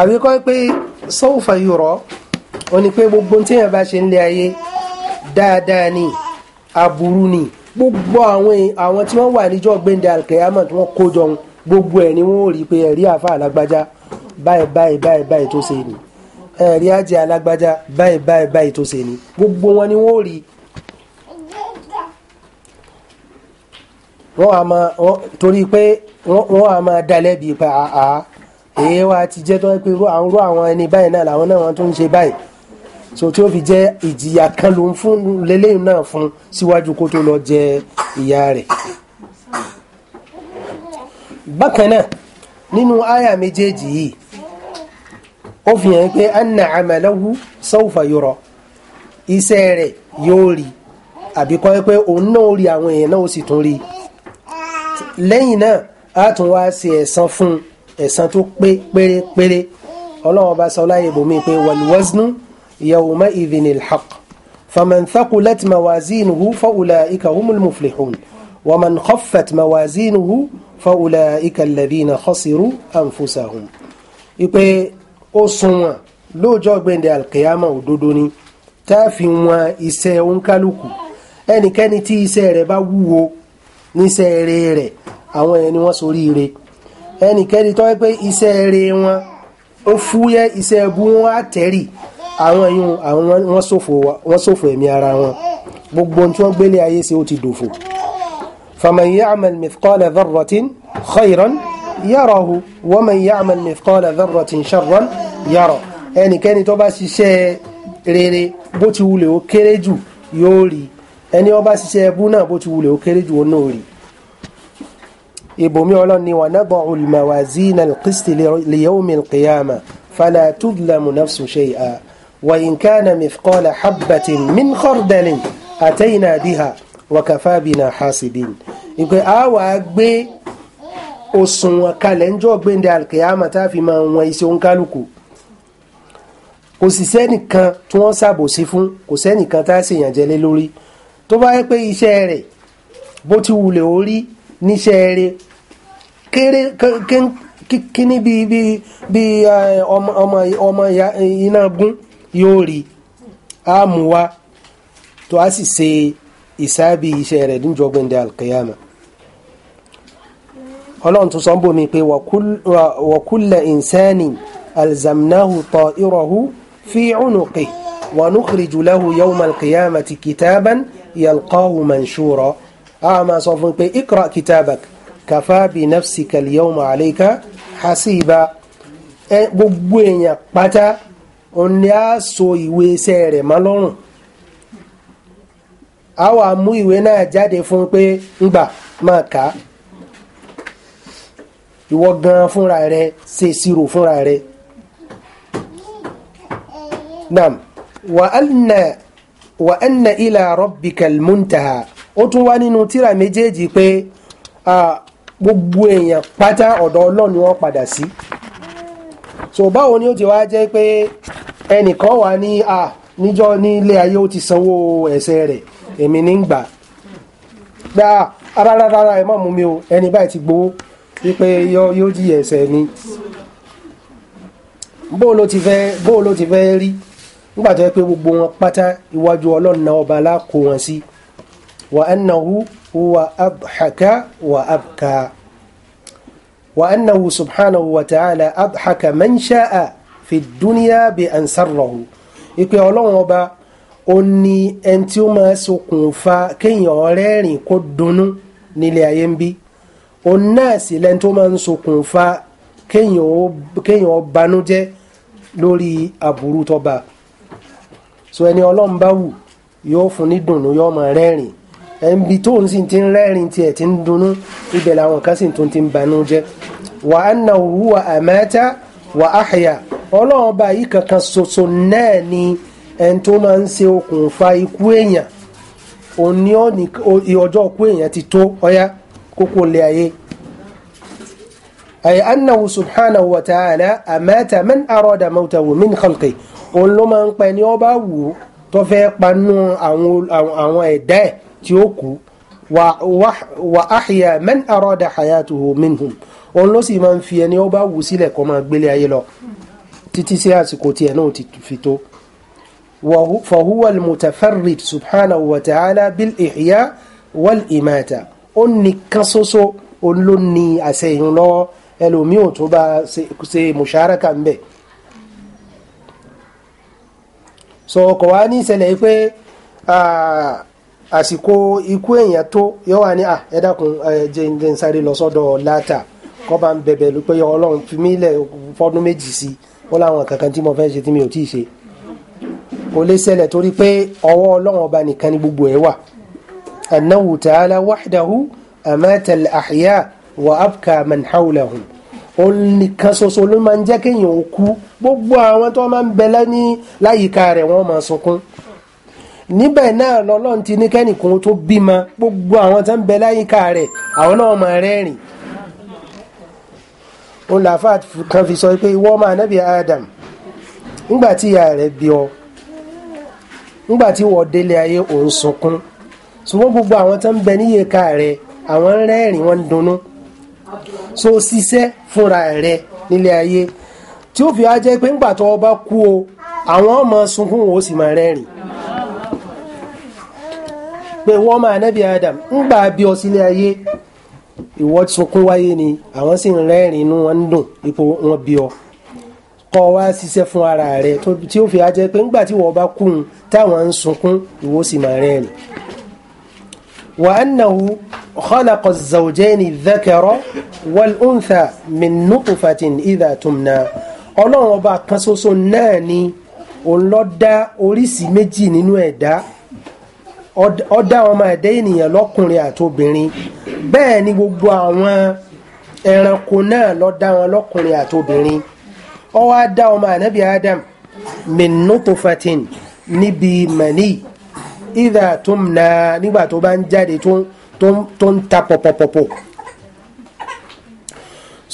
Speaker 1: àbí kọ́ pé sọ́ọ̀fà yòrọ̀ ó ní pé gbogbo tí èèyàn bá ṣe ń lé ayé dáadáa ni aburú ni gbogbo àwọn àwọn tí wọ́n wà níjọ́ gbẹ̀ndẹ̀ alkeyama tí wọ́n kó jọ gbogbo ẹ̀ ni wọ́n rí pé ẹ̀rí àfa alágbájá báyìí báyìí báyìí báyìí tó ṣe ni ẹ̀rí ajé alágbájá báyìí báyìí báyìí tó ṣe ni gbogbo wọn ni wọ́n rí wọ́n á máa torí pé wọ́n á máa dalẹ̀ bíi pé àá èyí wa ti jẹ́ tó pé àwọn irú àwọn ẹni báyìí náà làwọn náà wọ́n tó ń ṣe báyìí so tí ó fi jẹ́ ìjìyà kan ló ń fún lélẹ́yìn náà fún síwájú kó tó lọ jẹ ìyá rẹ̀ bákan náà nínú àyà méjèèjì yìí ó fi hàn pé anna amalahu sawfa yura iṣẹ́ rẹ̀ yóò rí àbí kọ́ pé òun náà rí àwọn èèyàn náà ó sì tún rí lẹ́yìn náà a tún wá ṣe ẹ̀san fún un ẹ̀san tó pé pérépéré ọlọ́run bá sọ láyé ibòmí pé wàlúwọ́sínú yawma idhinil haqq faman thaqulat mawazinuhu fa ulaika humul muflihun waman khaffat mawazinuhu fa ulaika alladhina khasiru anfusahum. ipe ó sunwọ̀n lóòjọ́ gbẹ̀ndẹ̀ alkiyama òdodo ni tá wọn iṣẹ́ òǹkálùkù ẹnikẹ́ni tí iṣẹ́ rẹ̀ bá wúwo níṣẹ́ rẹ̀ àwọn ẹni wọ́n soríire. So ẹnikẹ́ni tó yẹ pé iṣẹ́ rere wọn ó fúyẹ́ iṣẹ́ ẹbú wọn á tẹ̀rì àwọn yìí àwọn wọn ṣòfò wọn ṣòfò ẹ̀mí ara wọn gbogbo tí wọ́n gbélé ayé ṣe ó ti dòfò. faman ya'mal mithqala dharratin khayran yarahu wa man ya'mal mithqala dharratin sharran yara ẹnikẹ́ni tó bá ṣiṣẹ́ rere bó ti wulẹ̀ ó kéré jù yóò rí ẹni ó bá ṣiṣẹ́ ẹbú náà bó ti wulẹ̀ ó kéré jù ó náà rí ibùmí ọlọ́ni wa nada'u al-mawazina al-qist li yawmi al-qiyamah fala tudlamu nafsun shay'a wa in kana mithqala habbatin min khardalin atayna biha wa kafa bina hasibin ìpè àwa gbé òṣùwọ̀n kalẹ̀ ń jọ́ gbẹ̀ndẹ̀ alkiyama tá a fi máa wọn iṣẹ́ òǹkálùkù kò sì sẹ́nìkan tí wọ́n ṣàbòsí fún kò sẹ́nìkan tá a ṣèyànjẹ lé lórí tó bá yẹ pé iṣẹ́ rẹ̀ bó ti wulẹ̀ orí nishere kere ken kíní bi bi bi ọmọ ọmọ ọmọ iná gún yori rí tó a sì ṣe ìsáàbì iṣẹ́ rẹ̀ níjọ́ gbẹ̀ndẹ̀ alkiyama ọlọ́run tún sọ ń mi pé wa kul wa kulla insani alzamnahu ta'irahu fi unuqi wa nukhriju lahu yawma alkiyamati kitaban yalqahu manshura. a máa sọ fún pé ikra kitabak kafa bi nafsika al-yawma alayka hasiba gbogbo èèyàn pátá òun ni a so ìwé iṣẹ́ rẹ̀ mọ́ lọ́rùn a wà mú ìwé náà jáde fún pé ngbà máa kà á ìwọ gan fúnra rẹ ṣe ìṣirò fúnra rẹ. wa anna ila rabbika al-muntaha ó tún wá nínú tíra méjèèjì pé gbogbo èèyàn pátá ọ̀dọ̀ ọlọ́run ni wọ́n padà sí so báwo ni ó ti wá jẹ́ pé ẹnìkan wà ní a níjọ́ ní ilé ayé ó ti sanwó ẹ̀ṣẹ̀ rẹ̀ èmi ní gbà gbà rárára ẹ má mi o ẹni báyìí ti gbowó wípé yóò jí ẹ̀ṣẹ̀ ni bó ló ti fẹ́ bó ló ti fẹ́ rí nígbà tó yẹ pé gbogbo wọn pátá iwájú ọlọ́run ọba alákòó wọn sí. Si وأنه هو أضحك وأبكى وأنه سبحانه وتعالى أضحك من شاء في الدنيا بأن سره ìpè ọlọ́run ọba ó ní ẹni tí ó máa ṣokùnfà kéèyàn rẹ́rìn kó dunnú nílé ayé ń bí òun náà sì lẹni tó máa ń ṣokùnfà kéèyàn banújẹ́ lórí aburú tó bá so ẹni ọlọ́run bá wù yóò fún ní dùnnú yóò máa rẹ́rìn ẹnbi tó ń sìn ti ń rẹ́rìn tiẹ̀ ti ń dunnú ibẹ̀ làwọn kan sì tún ti ń banú jẹ́ wa annahu huwa amata wa ahya ọlọ́run ọba yìí kankan ṣoṣo náà ni ẹni tó máa ń ṣe okùnfà ikú èèyàn òní ọjọ́ ikú èèyàn ti tó ọyá kókó lé ayé ay annahu subhanahu wa ta'ala amata man arada mawtahu min khalqi òun ló máa ń pẹ ní ọba wù tó fẹ́ panú àwọn ẹ̀dá ẹ̀ tí ó kú wà áhìyà man arada hayatuhu minhum òun ló sì máa ń fi ẹni ó bá wù sílẹ̀ kó máa gbélé ayé lọ títí sí àsìkò tiẹ̀ náà ti fi tó. فهو المتفرد سبحانه وتعالى بالإحياء والإماتة أني كسوسو أني أسيهن لو ألوميو تبا سي مشاركة به so kò wá ní ìṣẹ̀lẹ̀ pé ah, àsìkò ikú èèyàn tó yọ wà ní à ah, ẹ dákun jẹ́ ń sáré lọ sọ́dọ̀ látà kọ́ bá ń bẹ̀bẹ̀ ló pé ọlọ́run fi mí lẹ̀ fọ́dún méjì sí ó láwọn kankan tí mo fẹ́ ṣe tí mi ò tí ì ṣe kò lè ṣẹlẹ̀ torí pé ọwọ́ ọlọ́run ọba nìkan ni gbogbo ẹ̀ wà annahu ta'ala wahdahu amata al-ahya wa abka man hawlahum òun nìkan ṣoṣo ló máa ń jẹ́ kéèyàn ó kú gbogbo àwọn tó máa ń bẹ lẹ́ni láyìíká rẹ̀ wọ́n máa sunkún níbẹ̀ náà lọ́lọ́run ti ní kẹ́nìkan tó bímọ gbogbo àwọn tó ń bẹ láyìíká rẹ̀ àwọn náà máa rẹ́rìn ó làáfà kan fi sọ pé ìwọ ọmọ anábì Adam ńgbà tí ìyá rẹ̀ bí ọ ńgbà tí wọ́n délé ayé òun sunkún ṣùgbọ́n gbogbo àwọn tó ń bẹ ní yèéká rẹ̀ àwọn ń rẹ́rìn wọ́n ń dunnú so ṣiṣẹ́ fúnra rẹ̀ nílé ayé tí ó fi wá jẹ́ pé ńgbà tó o bá kú o àwọn ọmọ sunkún wọn ó sì máa rẹ́rìn pé wọ́n máa nẹ́bí Adam ń gbà bí ọ sílé ayé ìwọ sunkún wáyé ni àwọn sì ń rẹ́rìn inú wọn ń dùn ipò wọn bí ọ kọ́ wá ṣiṣẹ́ fún ara rẹ tí ó fi á pé ńgbà tí wọ́n bá kún táwọn ń sunkún ìwọ sì máa rẹ́rìn. wa annahu khalaqa az-zawjayni adh-dhakara wal-untha min nutfatin idha tumna ọlọ́run ọba kan ṣoṣo ó dá ọmọ ẹ̀dá ènìyàn lọ́kùnrin àti bẹ́ẹ̀ ni gbogbo àwọn ẹranko náà ló dá wọn lọ́kùnrin àti obìnrin ó wá dá ọmọ ànábì Adam min níbi mani idha tumna nígbà tó bá ń jáde tó ń ta pọ̀pọ̀pọ̀pọ̀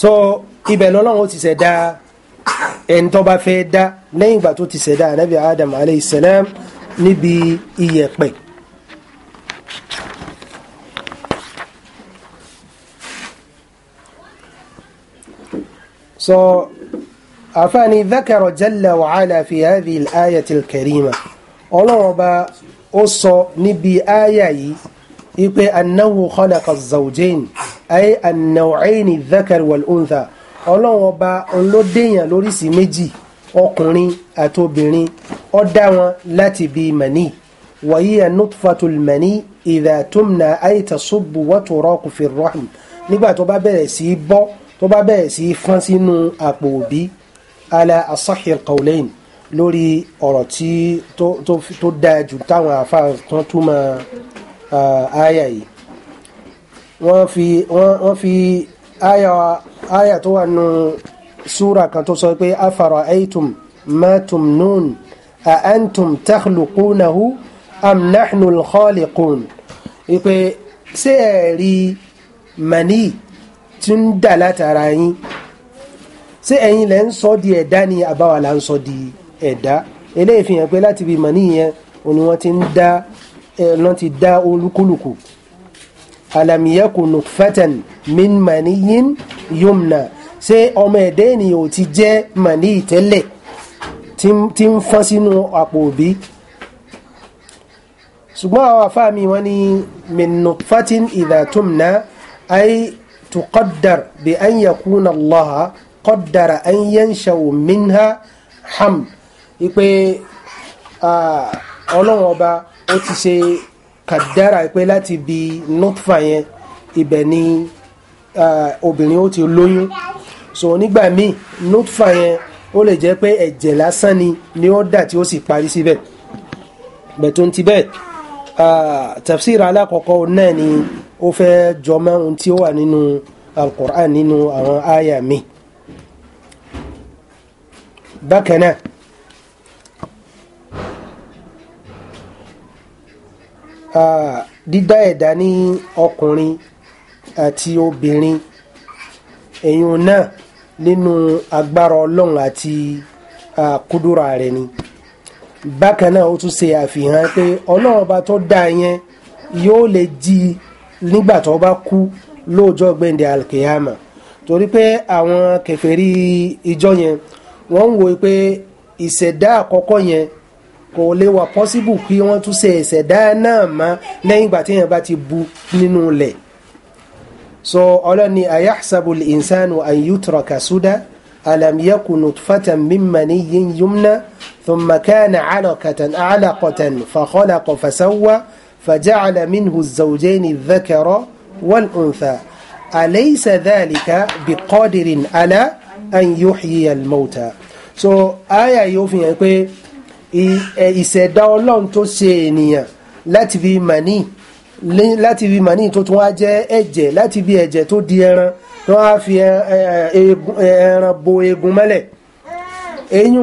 Speaker 1: so ibẹ̀ lọ́lọ́run ó ti ṣẹ̀dá ẹni tó bá fẹ́ dá lẹ́yìn ìgbà tó ti ṣẹ̀dá ànábì Adam alayhi salam níbi iyẹ̀pẹ̀. So, Afani ذكر جل وعلا في هذه الآية الكريمة Ọlọ́run ọba ó sọ níbi ááyà yìí ipe annahu khalaqa az-zawjayn ay an-naw'ayn adh-dhakar wal-untha Ọlọ́run ọba ló déyàn lóríṣi méjì ọkùnrin àti obìnrin ó dá wọn láti bí mani wa hiya nutfatu al-mani idha tumna ay tasubbu wa turaku fi ar-rahm nígbà tó bá bẹ̀rẹ̀ sí bọ́ tó bá bẹ̀rẹ̀ sí fọ́n sínú àpò òbí ala asahil qawlain lórí ọ̀rọ̀ tí tó dáa jù táwọn àfáà tán túmọ̀ àyà yìí wọ́n fi wọ́n fi àyà tó wà nù súra kan tó sọ pé afara aitum matum nun a antum takhluqunahu am nahnu al-khaliqun wípé ṣé ẹ rí mani tí ń dà látara yín ṣé ẹ̀yin lẹ́ ń sọ di ẹ̀dá ni àbáwá la ń sọ di ẹ̀dá eléyìí fi hàn pé láti ibi mọ̀ nìyẹn òní wọ́n ti ń dá wọ́n ti dá olúkúlùkù alam yakun nutfatan min maniyin ṣé ọmọ ẹ̀dá ènìyàn ò ti jẹ́ mani tẹ́lẹ̀ tí ń fọ́n sínú àpò òbí ṣùgbọ́n àwọn afáàmì wọn ni min nutfatin idha تقدر بأن يكون الله قدر أن ينشأ منها حمد ipe ọlọ́run ọba ó ti ṣe kàdára pé láti bi nutfa yẹn ibẹ̀ ni obìnrin ó ti lóyún so nígbà míì nutfa yẹn ó lè jẹ́ pé ẹ̀jẹ̀ lásán ni ni ó dà tí ó sì parí síbẹ̀ bẹ̀tún ti bẹ́ẹ̀ tafsir alákọ̀ọ́kọ́ náà ni ó fẹ́ jọmọ́ ohun tí ó wà nínú al-Qur'an nínú àwọn àyà mi bákan náà dídá ẹ̀dá ní ọkùnrin àti obìnrin èyàn náà nínú agbára ọlọ́run àti kúdúrà rẹ̀ ni bákan náà ó tún ṣe àfihàn pé ọlọ́run ọba tó dá yẹn yóò lè jí nígbà tó bá kú lọ́jọ́ gbẹ̀ndẹ̀ alkiyama torí pé àwọn kèfèrí ìjọ yẹn wọ́n ń wo pé ìṣẹ̀dá àkọ́kọ́ yẹn kò lè wà pọ́síbù kí wọ́n tún ṣe ìṣẹ̀dá náà mọ́ lẹ́yìn ìgbà tí èèyàn bá ti bu nínú ilẹ̀ so ọlọ́ni ayahsabu l'insanu an yutraka suda alam yaku nutfatan min maniyyin yumna thumma kana alaqatan فجعل منه الزوجين الذكر والأنثى أليس ذلك بقادر على أن يحيي الموتى so aya yóò fi hàn pé ìṣẹ̀dá ọlọ́run tó ṣe ènìyàn láti fi màní láti fi màní tó tún wá jẹ́ ẹ̀jẹ̀ láti fi ẹ̀jẹ̀ tó di ẹran tó wá fi ẹran bo eegun mọ́lẹ̀ eyín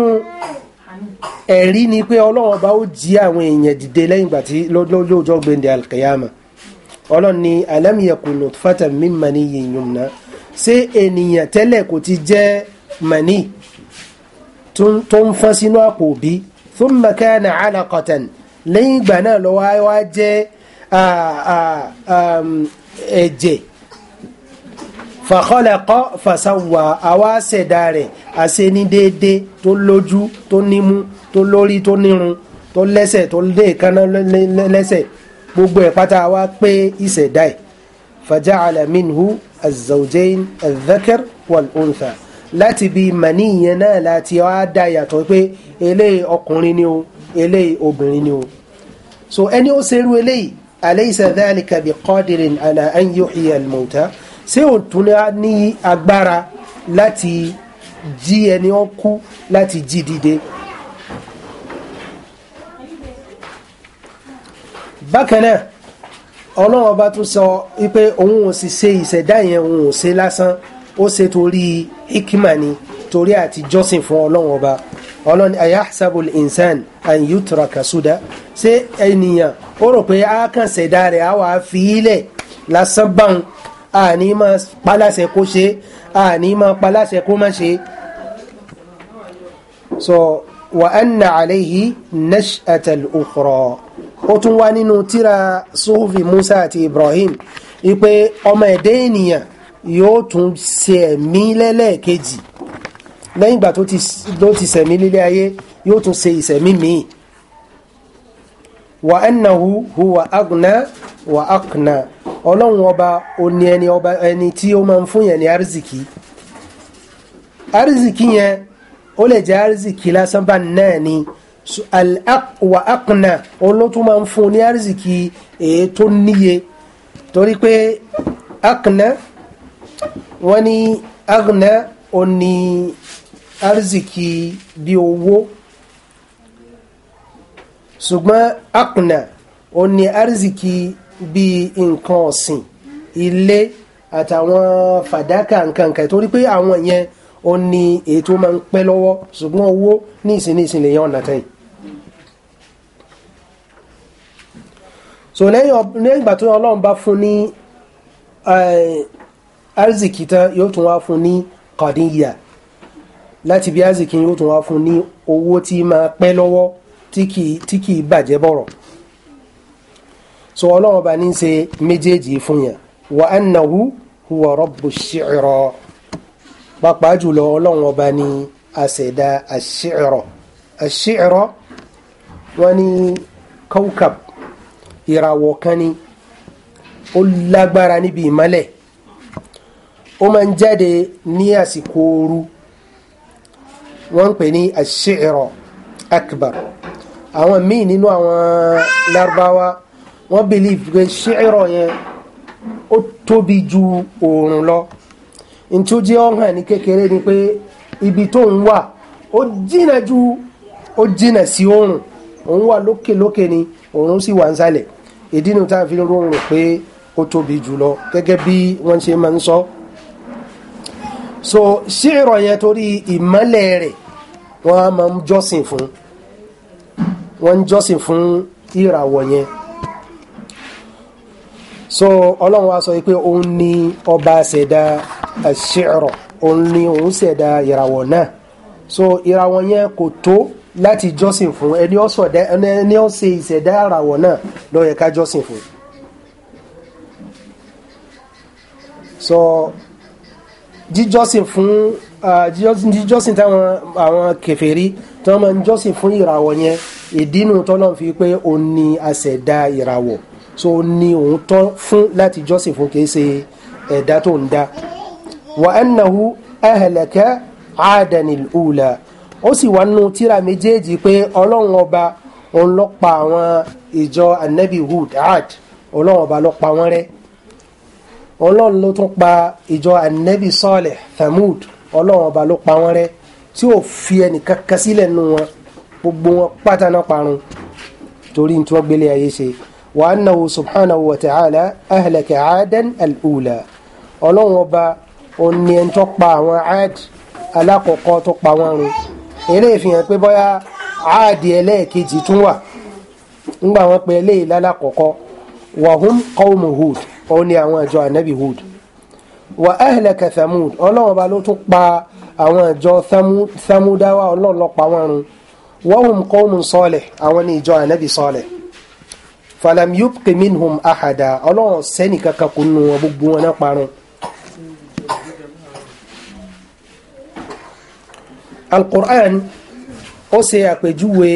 Speaker 1: ẹ̀rí ni pé ọlọ́run bá ó jí àwọn èèyàn dìde lẹ́yìn ìgbà tí lọ́jọ́ gbẹ̀ndẹ̀ alkiyama ọlọ́run ni alam yakun nutfatan min maniyyin yumna ṣé ènìyàn tẹ́lẹ̀ kò ti jẹ́ mani tó ń fọ́n sínú àpò bí thumma kana alaqatan lẹ́yìn ìgbà náà ló wá jẹ́ ẹ̀jẹ̀ fàkọ́lẹ̀kọ́ fàṣàwà àwa ṣẹ̀dá rẹ̀ àṣe ní déédé tó lójú tó nímú tó lórí tó nírun tó lẹ́sẹ̀ tó lé èékánná lẹ́sẹ̀ gbogbo ẹ̀ pátá wa pé ìṣẹ̀dá ẹ̀ faja'ala minhu az-zawjayn adh láti bí màní ìyẹn náà láti wá dá yàtọ̀ pé eléyìí ọkùnrin ni o eléyìí obìnrin ni o so ẹni ó ṣerú eléyìí alaysa dhalika biqadirin ala an yuhyiya al-mawta ṣé òun tún ní agbára láti jí ẹni ó kú láti jí dìde. bákan náà ọlọ́run ọba tún sọ wípé òun ò sì ṣe ìṣẹ̀dá yẹn òun ò ṣe lásán ó ṣe torí hikima ni torí àti jọ́sìn fún ọlọ́run ọba ọlọ́run ayahsabul insan an yutraka suda ṣé ènìyàn ó rò pé a kàn ṣẹ̀dá rẹ̀ a wà á fi í lásán báwọn àní máa paláṣẹ kó ṣe àní máa paláṣẹ kó má ṣe so wa anna alayhi nash'ata al-ukhra ó tún wá nínú tírà suhufi Musa àti Ibrahim ipe ọmọ ẹ̀dá ènìyàn yóò tún ṣe ẹ̀mí lẹ́lẹ́ẹ̀kejì ìgbà tó ti ṣẹ̀mí lílé ayé yóò tún ṣe ìṣẹ̀mí míì wa annahu huwa agna wa akna ọlọ́run ọba òní ẹni ọba ẹni tí ó máa ń fún yẹn ní arziki arziki yẹn ó lè jẹ́ arziki lásán bá náà ni wa akna olótú máa ń fún ní arziki èyí tó níye torí pé akna wọ́n ní agna òní arziki bí owó ṣùgbọ́n akùnà ó ní arziki bíi nǹkan ọ̀sìn ilé àtàwọn fàdákà nǹkankan torí pé àwọn yẹn ó ní èyí tó máa ń pẹ́ lọ́wọ́ ṣùgbọ́n owó ní ìsinyìísìn lèyàn ọ̀nà tẹ̀yìn. so lẹ́yìn ìgbà tó ọlọ́run bá fún ní arziki eh, tán yóò tún wá fún ní kọ̀dínyà láti bí arziki yóò tún wá fún ní owó tí máa pẹ́ lọ́wọ́ tí kì í tí kì í bàjẹ́ bọ̀rọ̀ so ọlọ́run bá ní ṣe méjèèjì fún yẹn wa annahu huwa rabbu shi'ra pàápàá jùlọ ọlọ́run ọba ní àṣẹ̀dá ash-shi'ra ash ní kawkab ìràwọ̀ kan ní ó lágbára níbi ìmọ́lẹ̀ ó máa ń jáde ní àsìkò ooru wọ́n ń pè ní ash akbar àwọn míì nínú àwọn lárúbáwá wọ́n believe pé ṣíìrọ̀ yẹn ó tóbi ju oòrùn lọ n tí ó jẹ́ ọ̀hàn ní kékeré ni pé ibi tó ń wà ó jìnà ju ó jìnà sí oòrùn òun wà lókè lókè ni oòrùn sì wà ń sálẹ̀ ìdí nu tá a fi ń rò rò pé ó tóbi jù lọ gẹ́gẹ́ bí wọ́n ṣe máa ń sọ. so ṣíìrọ̀ yẹn torí ìmọ́lẹ̀ rẹ̀ wọ́n máa ń jọ́sìn fún un wọ́n ń jọ́sìn fún ìràwọ̀ yẹn so ọlọ́run wa sọ pé òun ni ọba ṣẹ̀dá àṣírọ̀ òun ni òun ṣẹ̀dá ìràwọ̀ náà so ìràwọ̀ yẹn kò tó láti jọ́sìn fún ẹni ó ṣe ìṣẹ̀dá ìràwọ̀ náà ló yẹ ká jọ́sìn fún so jíjọ́sìn fún ah, jíjọ́sìn táwọn àwọn kèfèrí tí wọ́n máa ń jọ́sìn fún ìràwọ̀ yẹn ìdínú tọ́lọ́n fi pé ó ní àṣẹ̀dá ìràwọ̀ so ó ní òun tán fún láti jọ́sìn fún kìí ṣe ẹ̀dá tó ń dá wa annahu ahlaka adanil ula ó sì wá nù tíra méjèèjì pé ọlọ́run ọba òun ló pa àwọn ìjọ anabi hud ad ọlọ́run ọba ló pa wọ́n rẹ́ ọlọ́run ló tún pa ìjọ anabi salih thamud ọlọ́run ọba ló pa wọ́n rẹ́ tí ò fi ẹnìkan kan sílẹ̀ nù wọn gbogbo wọn pátá náà parun torí tí wọ́n gbélé ayé ṣe wa annahu subhanahu wa ta'ala ahlaka 'adan al-ula ọlọ́run ọba òní ẹni tó pa àwọn 'ad alákọ̀ọ́kọ́ tó pa wọ́n run eré ìfihàn pé bóyá 'ad ẹlẹ́ẹ̀kejì tún wà ńgbà wọn pe eléyìí lálákọ̀ọ́kọ́ wa hum qawmu Hud òun àwọn àjọ ànábì Hud wa ahlaka Thamud ọlọ́run ọba ló tún pa àwọn ìjọ samudawa ọlọ́ọ̀lọ́pàá wọn run wahum qawmun salih àwọn ní ìjọ ànábì salih falam yubqi minhum ahada ọlọ́run sẹ́nì kankan kò nù wọn gbogbo wọn náà parun. alqur'an ó ṣe àpèjúwe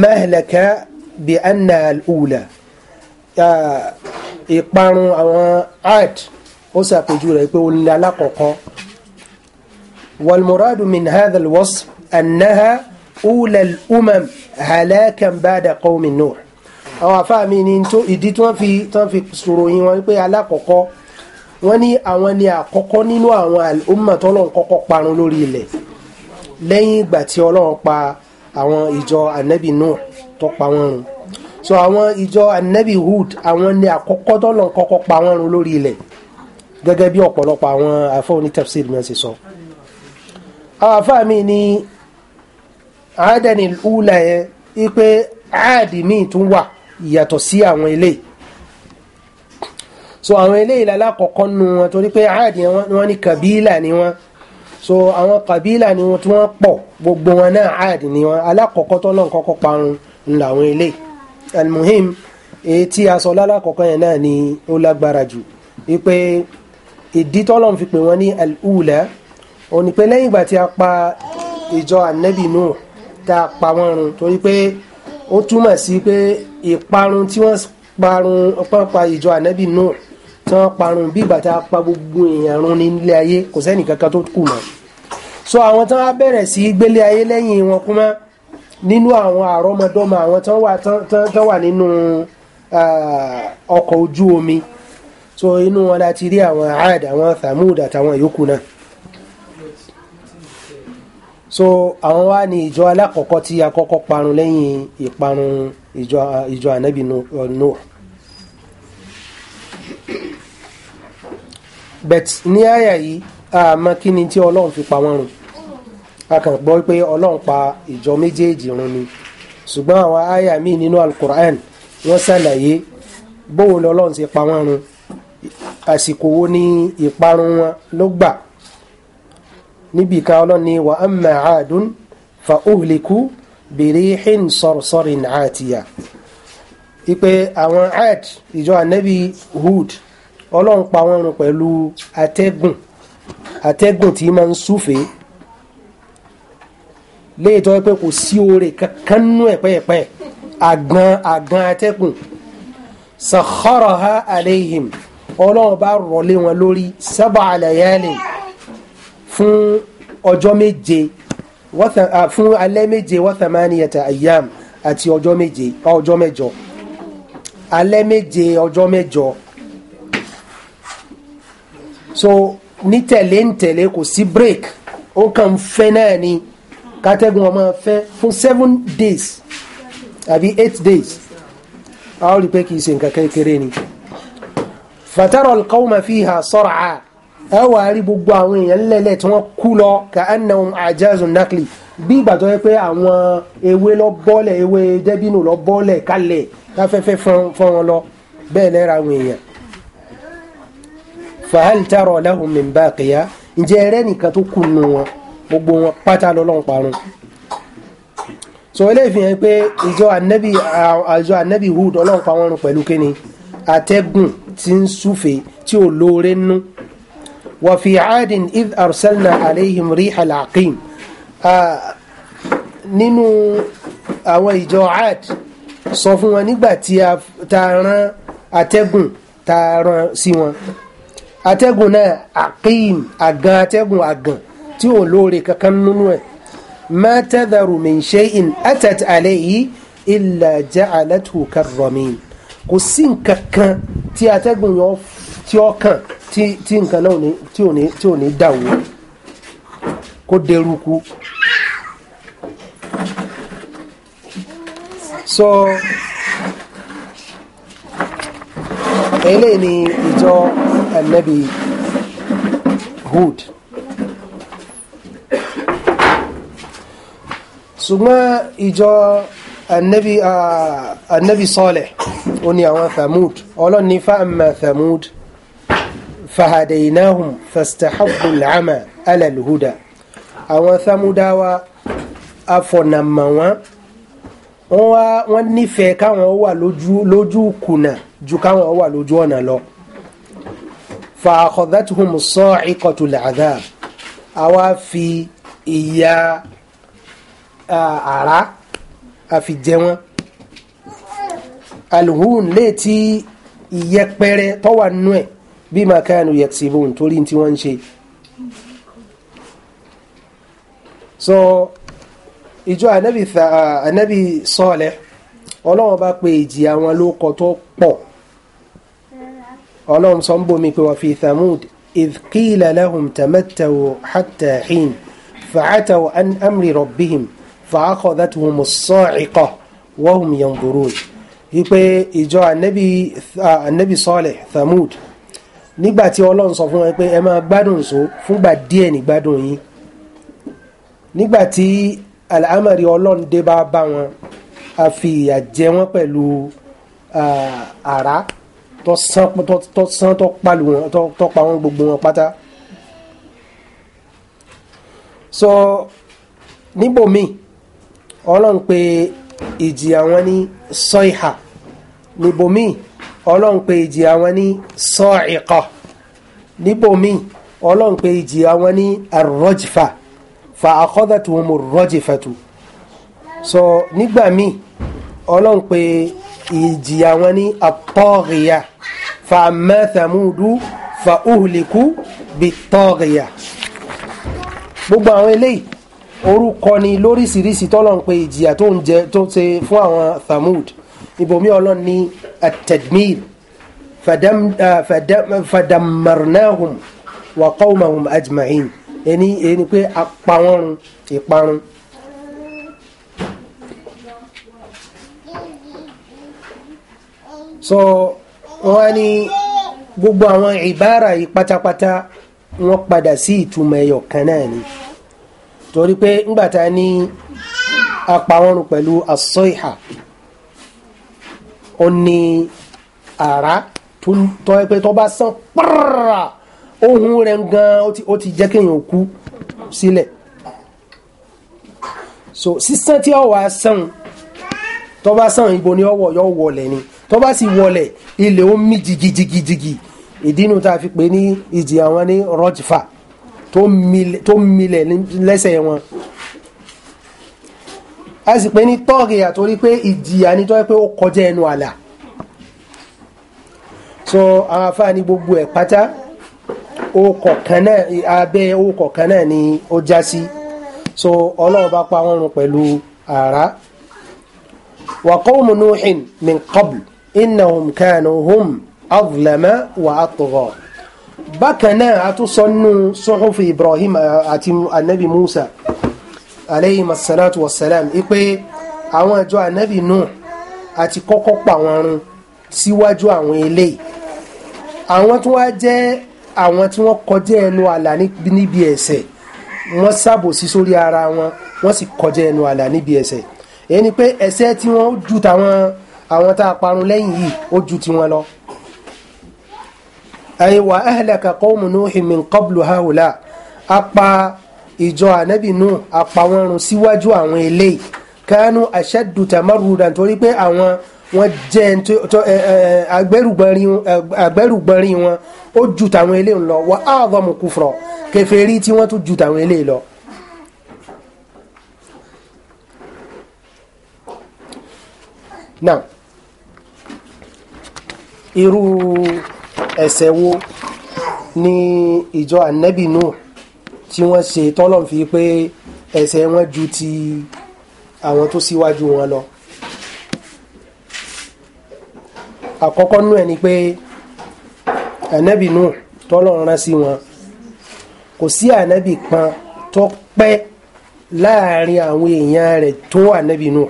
Speaker 1: mahlaka bi anna al ìparun àwọn art ó ṣe àpèjúwe rẹ̀ pé ó ní alákọ̀ọ́kọ́. والمراد من هذا الوصف أنها أولى الأمم هلاكا بعد قوم نوح àwọn àfáà ni tó ìdí tí fi tí fi sọ̀rọ̀ yín wọn pé alákọ̀ọ́kọ́ wọ́n ní àwọn ni àkọ́kọ́ nínú àwọn al-umma tọ́lọ́run kọ́kọ́ parun lórí ilẹ̀ lẹ́yìn ìgbà tí ọlọ́run pa àwọn ìjọ anabi Nuh tó pa wọ́n run so àwọn ìjọ anabi Hud àwọn ni àkọ́kọ́ tọ́lọ́run kọ́kọ́ pa wọ́n run lórí ilẹ̀ gẹ́gẹ́ bí ọ̀pọ̀lọpọ̀ àwọn afọ́ onítẹ̀fsìrì náà ṣe sọ. So àwọn afáàmì ní àádẹ́ni ùlà yẹn wípé áàdì míì tún wà ìyàtọ̀ sí àwọn eléyìí so àwọn eléyìí lálákọ̀ọ́kọ́ nu wọn torí pé áàdì wọn ní kàbílà ni wọn so àwọn kàbílà ni wọn tí wọn pọ̀ gbogbo wọn náà áàdì ni wọn alákọ̀ọ́kọ́ tó lọ́n kọ́kọ́ parun làwọn eléyìí almuhim èyí tí a sọ lálákọ̀ọ́kọ́ yẹn náà ni ó lágbára jù wípé ìdí tọ́lọ́n fi pè wọ́n ní al ó ní pé lẹ́yìn ìgbà tí a pa ìjọ ànẹ́bì nù tá a pa wọ́n run torí pé ó túmọ̀ sí pé ìparun tí wọ́n parun pápá ìjọ ànẹ́bì nù tí wọ́n parun bí ìgbà tá a pa gbogbo èèyàn run ní ilé ayé kò sẹ́nì kankan tó kù mọ́ so àwọn tí wọ́n bẹ̀rẹ̀ sí gbélé ayé lẹ́yìn wọn kúmọ́ nínú àwọn àrọ́mọdọ́mọ àwọn tí wọ́n wà nínú ọkọ̀ ojú omi so inú wọn láti rí àwọn Ààd àwọn Thamud àtàwọn yòókù náà so àwọn wá ní ìjọ alákọ̀ọ́kọ́ tí a kọ́kọ́ parun lẹ́yìn ìparun ìjọ ìjọ ànábì Nuh bet ní àyà yìí àmọ́ kí ni tí ọlọ́run fi pa wọ́n run a kàn gbọ́ pé ọlọ́run pa ìjọ méjèèjì run ni ṣùgbọ́n àwọn àyà míì nínú alukur'an wọ́n ṣàlàyé bóun lọ́lọ́run ti pa wọ́n run àsìkò wo ni ìparun wọn ló gbà níbi ká ọlọ́ni wa amma aadun fa uhliku birihin sarsarin aatiya ipe àwọn aad ìjọ anabi Hud ọlọ́run pa wọ́n run pẹ̀lú atẹ́gùn atẹ́gùn tí máa ń súfèé léètọ́ pé kò sí oore kankan nú ẹ̀ pẹ́ẹ́pẹ́ àgbọn àgbọn atẹ́gùn sakharaha alayhim ọlọ́run bá rọ̀lé wọn lórí sab'a layali fún ọjọ́ méje fún alẹ́ méje wa thamaniyata ayyam àti ọjọ́ méje ọjọ́ mẹ́jọ alẹ́ méje ọjọ́ mẹ́jọ so ní tẹ̀lé ń tẹ̀lé kò sí break ó kàn fẹ́ náà ni kátẹ́gùn ọmọ fẹ́ fún seven days àbí eight days a ó rí pé kì í ṣe nǹkan kékeré ni fatarol qawma fiha sar'a ẹ wà á rí gbogbo àwọn èèyàn lẹ́lẹ̀ tí wọ́n kú lọ ka annahum ajazun nakli bí ìgbà tó yẹ pé àwọn ewé lọ bọ́lẹ̀ ewé dẹ́bínú lọ bọ́lẹ̀ kalẹ̀ káfẹ́fẹ́ fọ́n wọn lọ bẹ́ẹ̀ lẹ́ra àwọn èèyàn. fahal tara lahum min baqiya ǹjẹ́ ẹrẹ́ nìkan tó kù nù wọn gbogbo wọn pátá lọ́lọ́run parun. sọ eléyìí pé ìjọ anabi àjọ anabi Hud ọlọ́run pa wọn pẹ̀lú kíni atẹ́gùn tí ń súfèé tí ò lóore nú. وفي عاد إذ أرسلنا عليهم ريح العقيم nínú àwọn ìjọ Ad sọ fún wọn nígbà tí a rán atẹ́gùn tá a rán sí wọn atẹ́gùn náà àkíìm àgàn atẹ́gùn àgàn tí ò lóore kankan nínú ẹ̀ ma tadharu min shay'in atat alayhi illa ja'alathu karramin kò sí nǹkan kan tí atẹ́gùn yọ tí ó kàn tí nǹkan náà tí ò ní tí ò ní dàwó kó deruku so eléyìí ni ìjọ anabi Hud ṣùgbọ́n ìjọ anabi anabi Saleh ó ní àwọn Thamud ọlọ́ni fa Thamud. فهديناهم فاستحبوا العمى على الهدى àwọn sámúdáwá afọ̀nàmọ̀wọ́n wọ́n wá wọ́n nífẹ̀ẹ́ káwọn wà lójú lójú kùnà ju káwọn wà lójú ọ̀nà lọ فأخذتهم الصاعقة العذاب àwa fi ìyà àrá àfi jẹ wọ́n alhun létí ìyẹpẹrẹ tó wà nú bima kanu yaksibun torí tí wọ́n ń ṣe so ìjọ ànábì sọ́ọ̀lẹ̀ ọlọ́run bá pe ìjìyà wọn lóko tó pọ̀ ọlọ́run sọ ń bomi pé wọ́n fi thamud idh qila lahum tamattaw hatta hin fa'ataw an amri rabbihim fa'akhadhatuhum as-sa'iqah wa hum yanzurun wípé ìjọ ànábì sọ́ọ̀lẹ̀ thamud nígbà tí ọlọ́run sọ fún wọn pé ẹ máa gbádùn so fúngbà díẹ̀ ní gbádùn yín nígbà tí àlámọ̀rí ọlọ́run dé bá bá wọn a fi ìyà jẹ wọn pẹ̀lú àrá tó sán pa wọn gbogbo wọn pátá. so níbòmíì ọlọ́run pé ìjì àwọn ní sọ́ìhà níbòmíì. So, ọlọ́run pè ìjìyà wọn ní sa'iqa níbòmíì ọlọ́run pè ìjìyà wọn ní ar-rajfa fa akhadathum ar-rajfatu so nígbà míì ọlọ́run pè ìjìyà wọn ní at-taghiya fa amma thamudu fa uhliku bit-taghiya gbogbo àwọn eléyìí orúkọ ni lóríṣiríṣi tọ́lọ́run ìjìyà tó ń jẹ tó ṣe fún àwọn thamud ibomi ọlọ́run ní atadmir fadamarnahum ah, wa qawmahum ajma'in ẹni ẹni pé apawọ́run ìparun. so wọ́n ní gbogbo àwọn ìbára yìí pátápátá wọ́n padà sí ìtumọ̀ ẹyọ kan náà ni torí pé ńgbàtà ní apawọ́run pẹ̀lú asọ́ìhà ó ní àrá tó ẹ pé tó bá sán pàrà ohun rẹ̀ gan ó ti jẹ́ kéèyàn kú sílẹ̀ so sísán tí ó wà sán tó bá sán ibo ni ọwọ́ yọ wọlẹ̀ ni tó bá sì wọlẹ̀ ilẹ̀ ó mì jigijigijigi ìdínú tá a fi pè ní ìjì àwọn ní rọjfà tó milẹ̀ lẹ́sẹ̀ wọn a sì pé ní tọ́ọ̀gì àtorí pé ìjìyà ni tó yẹ pé ó kọjá ẹnu àlà so àwọn afáàní gbogbo ẹ̀ pátá okọ̀ kan abẹ́ okọ̀ kan náà ni ó já sí so ọlọ́run bá pa wọ́n run pẹ̀lú àrá wa qawmu nuhin min qabl innahum kanu hum adlama wa atgha bákan náà a tún sọ nínú suhufi Ibrahim àti anabi Musa aleyhi masalatu wasalam ipe àwọn ìjọ anabi Nuh àti kọ́kọ́ pa wọn run síwájú àwọn eléyìí àwọn tí wọ́n jẹ́ àwọn tí wọ́n kọjá ẹnu àlà níbi ẹ̀ṣẹ̀ wọ́n ṣàbòsí sórí ara wọn wọ́n sì kọjá ẹnu àlà níbi ẹ̀ṣẹ̀ èyí ni pé ẹ̀ṣẹ̀ tí wọ́n ju tàwọn àwọn tá a parun lẹ́yìn yìí ó ju tiwọn lọ. ay wa ahlaka qawmu Nuhin min qablu haula a pa ìjọ ànábì Nuh àpàwọn run síwájú àwọn eléyìí kánú ashaddu tamarrudan torí pé àwọn wọn jẹ́ agbẹ́rùgbọ́nrin wọn ó ju tàwọn eléyìí lọ wa a'zamu kufra kèfèrí tí wọ́n tún ju tàwọn eléyìí lọ. now irú ẹ̀ṣẹ̀ wo ni ìjọ ànábì Nuh tí wọ́n ṣe tọ́lọ́n fi pé ẹ̀ṣẹ̀ wọn ju ti àwọn tó síwájú wọn lọ àkọ́kọ́ nú ẹ̀ ni pé ànábì nù tọ́lọ́n rán sí wọn kò sí ànábì kan tó pẹ́ láàrin àwọn èèyàn rẹ̀ tó ànábì nù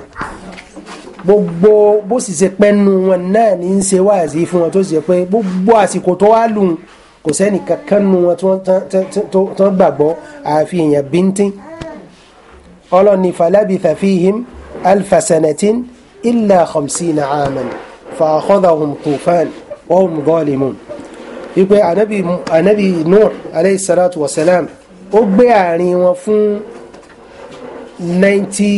Speaker 1: gbogbo bó sì ṣe pẹ́ nu wọn náà ní í ṣe wáàzí fún wọn tó ṣe pé gbogbo àsìkò tó wá lù ú kò sẹ́ni kankan wọn tí wọ́n gbàgbọ́ àfi èèyàn bíntín ọlọ́ni falabitha fihim alfa sanatin illa khamsina aman fa akhadhahum tufan wa hum zalimun anabi anabi alayhi salatu wa salam ó gbé àárín wọn fún ninety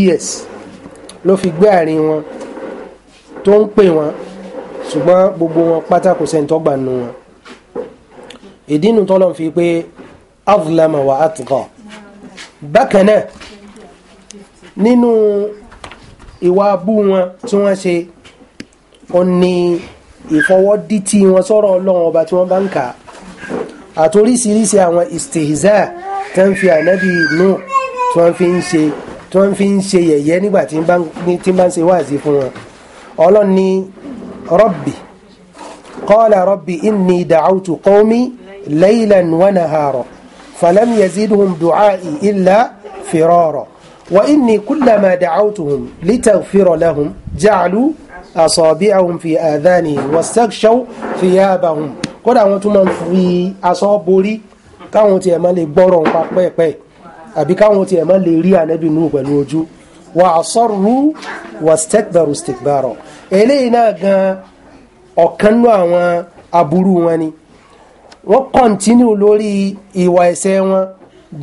Speaker 1: years ló fi gbé àárín wọn tó ń pè wọn ṣùgbọ́n gbogbo wọn pátá kò sẹ́ni tó gbà nù wọn ìdí nu tọ́lọ̀ fi pé azlama wa atgha bákan náà nínú ìwà abú wọn tí wọ́n ṣe ó ní ìfọwọ́dítì wọn sọ̀rọ̀ ọlọ́run ọba tí wọ́n bá ń kà àtoríṣiríṣi àwọn istihza tí wọ́n fi ànábì inú tí wọ́n fi ń ṣe tí wọ́n fi ń ṣe yẹ̀yẹ́ nígbà tí wọ́n bá ń ṣe wáàzí fún wọn ọlọ́run ní. ربي قال ربي إني دعوت قومي ليلا ونهارا فلم يزيدهم دعائي إلا فرارا وإني كلما دعوتهم لتغفر لهم جعلوا أصابعهم في آذانهم واستغشوا ثيابهم قد أنت من في أصابري كانوا تيما لبورون قاقبي أبي كانوا تيما لريا نبي نوبة نوجو وعصروا واستكبروا استكبارا eléyìí náà gan ọ̀kan nú àwọn aburú wọn ni wọ́n kọ́ntínú lórí ìwà ẹ̀ṣẹ̀ wọn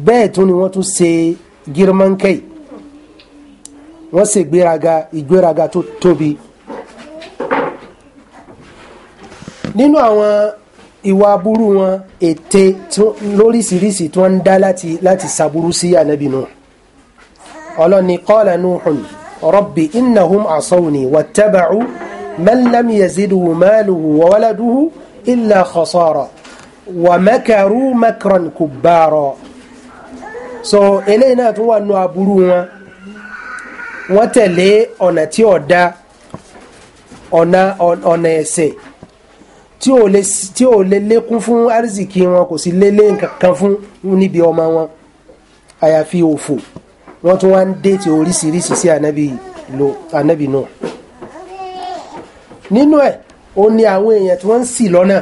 Speaker 1: bẹ́ẹ̀ tún ni wọ́n tún ṣe gírmánkẹ́ì wọ́n ṣe ìgbéraga ìgbéraga tó tóbi nínú àwọn ìwà aburú wọn ète lóríṣiríṣi tí wọ́n ń dá láti ṣàbúrú sí ànábì Nuh ọlọ́ni qala Nuhun. رب إنهم عصوني واتبعوا من لم يزده ماله وولده إلا خسارة ومكروا مكرا كبارا so eléyìí náà tún wà nù aburú wọn wọ́n tẹ̀lé ọ̀nà tí ò dá ọ̀nà ọ̀nà ẹ̀ṣẹ̀ tí ò lè tí ò lè lékún fún arzikí wọn kò sì lé lé nǹkan kan fún níbi ọmọ wọn àyàfi wọ́n tún wá ń déètì oríṣiríṣi sí ànábì náà nínú ẹ̀ ó ní àwọn èèyàn tí wọ́n ń ṣì lọ́nà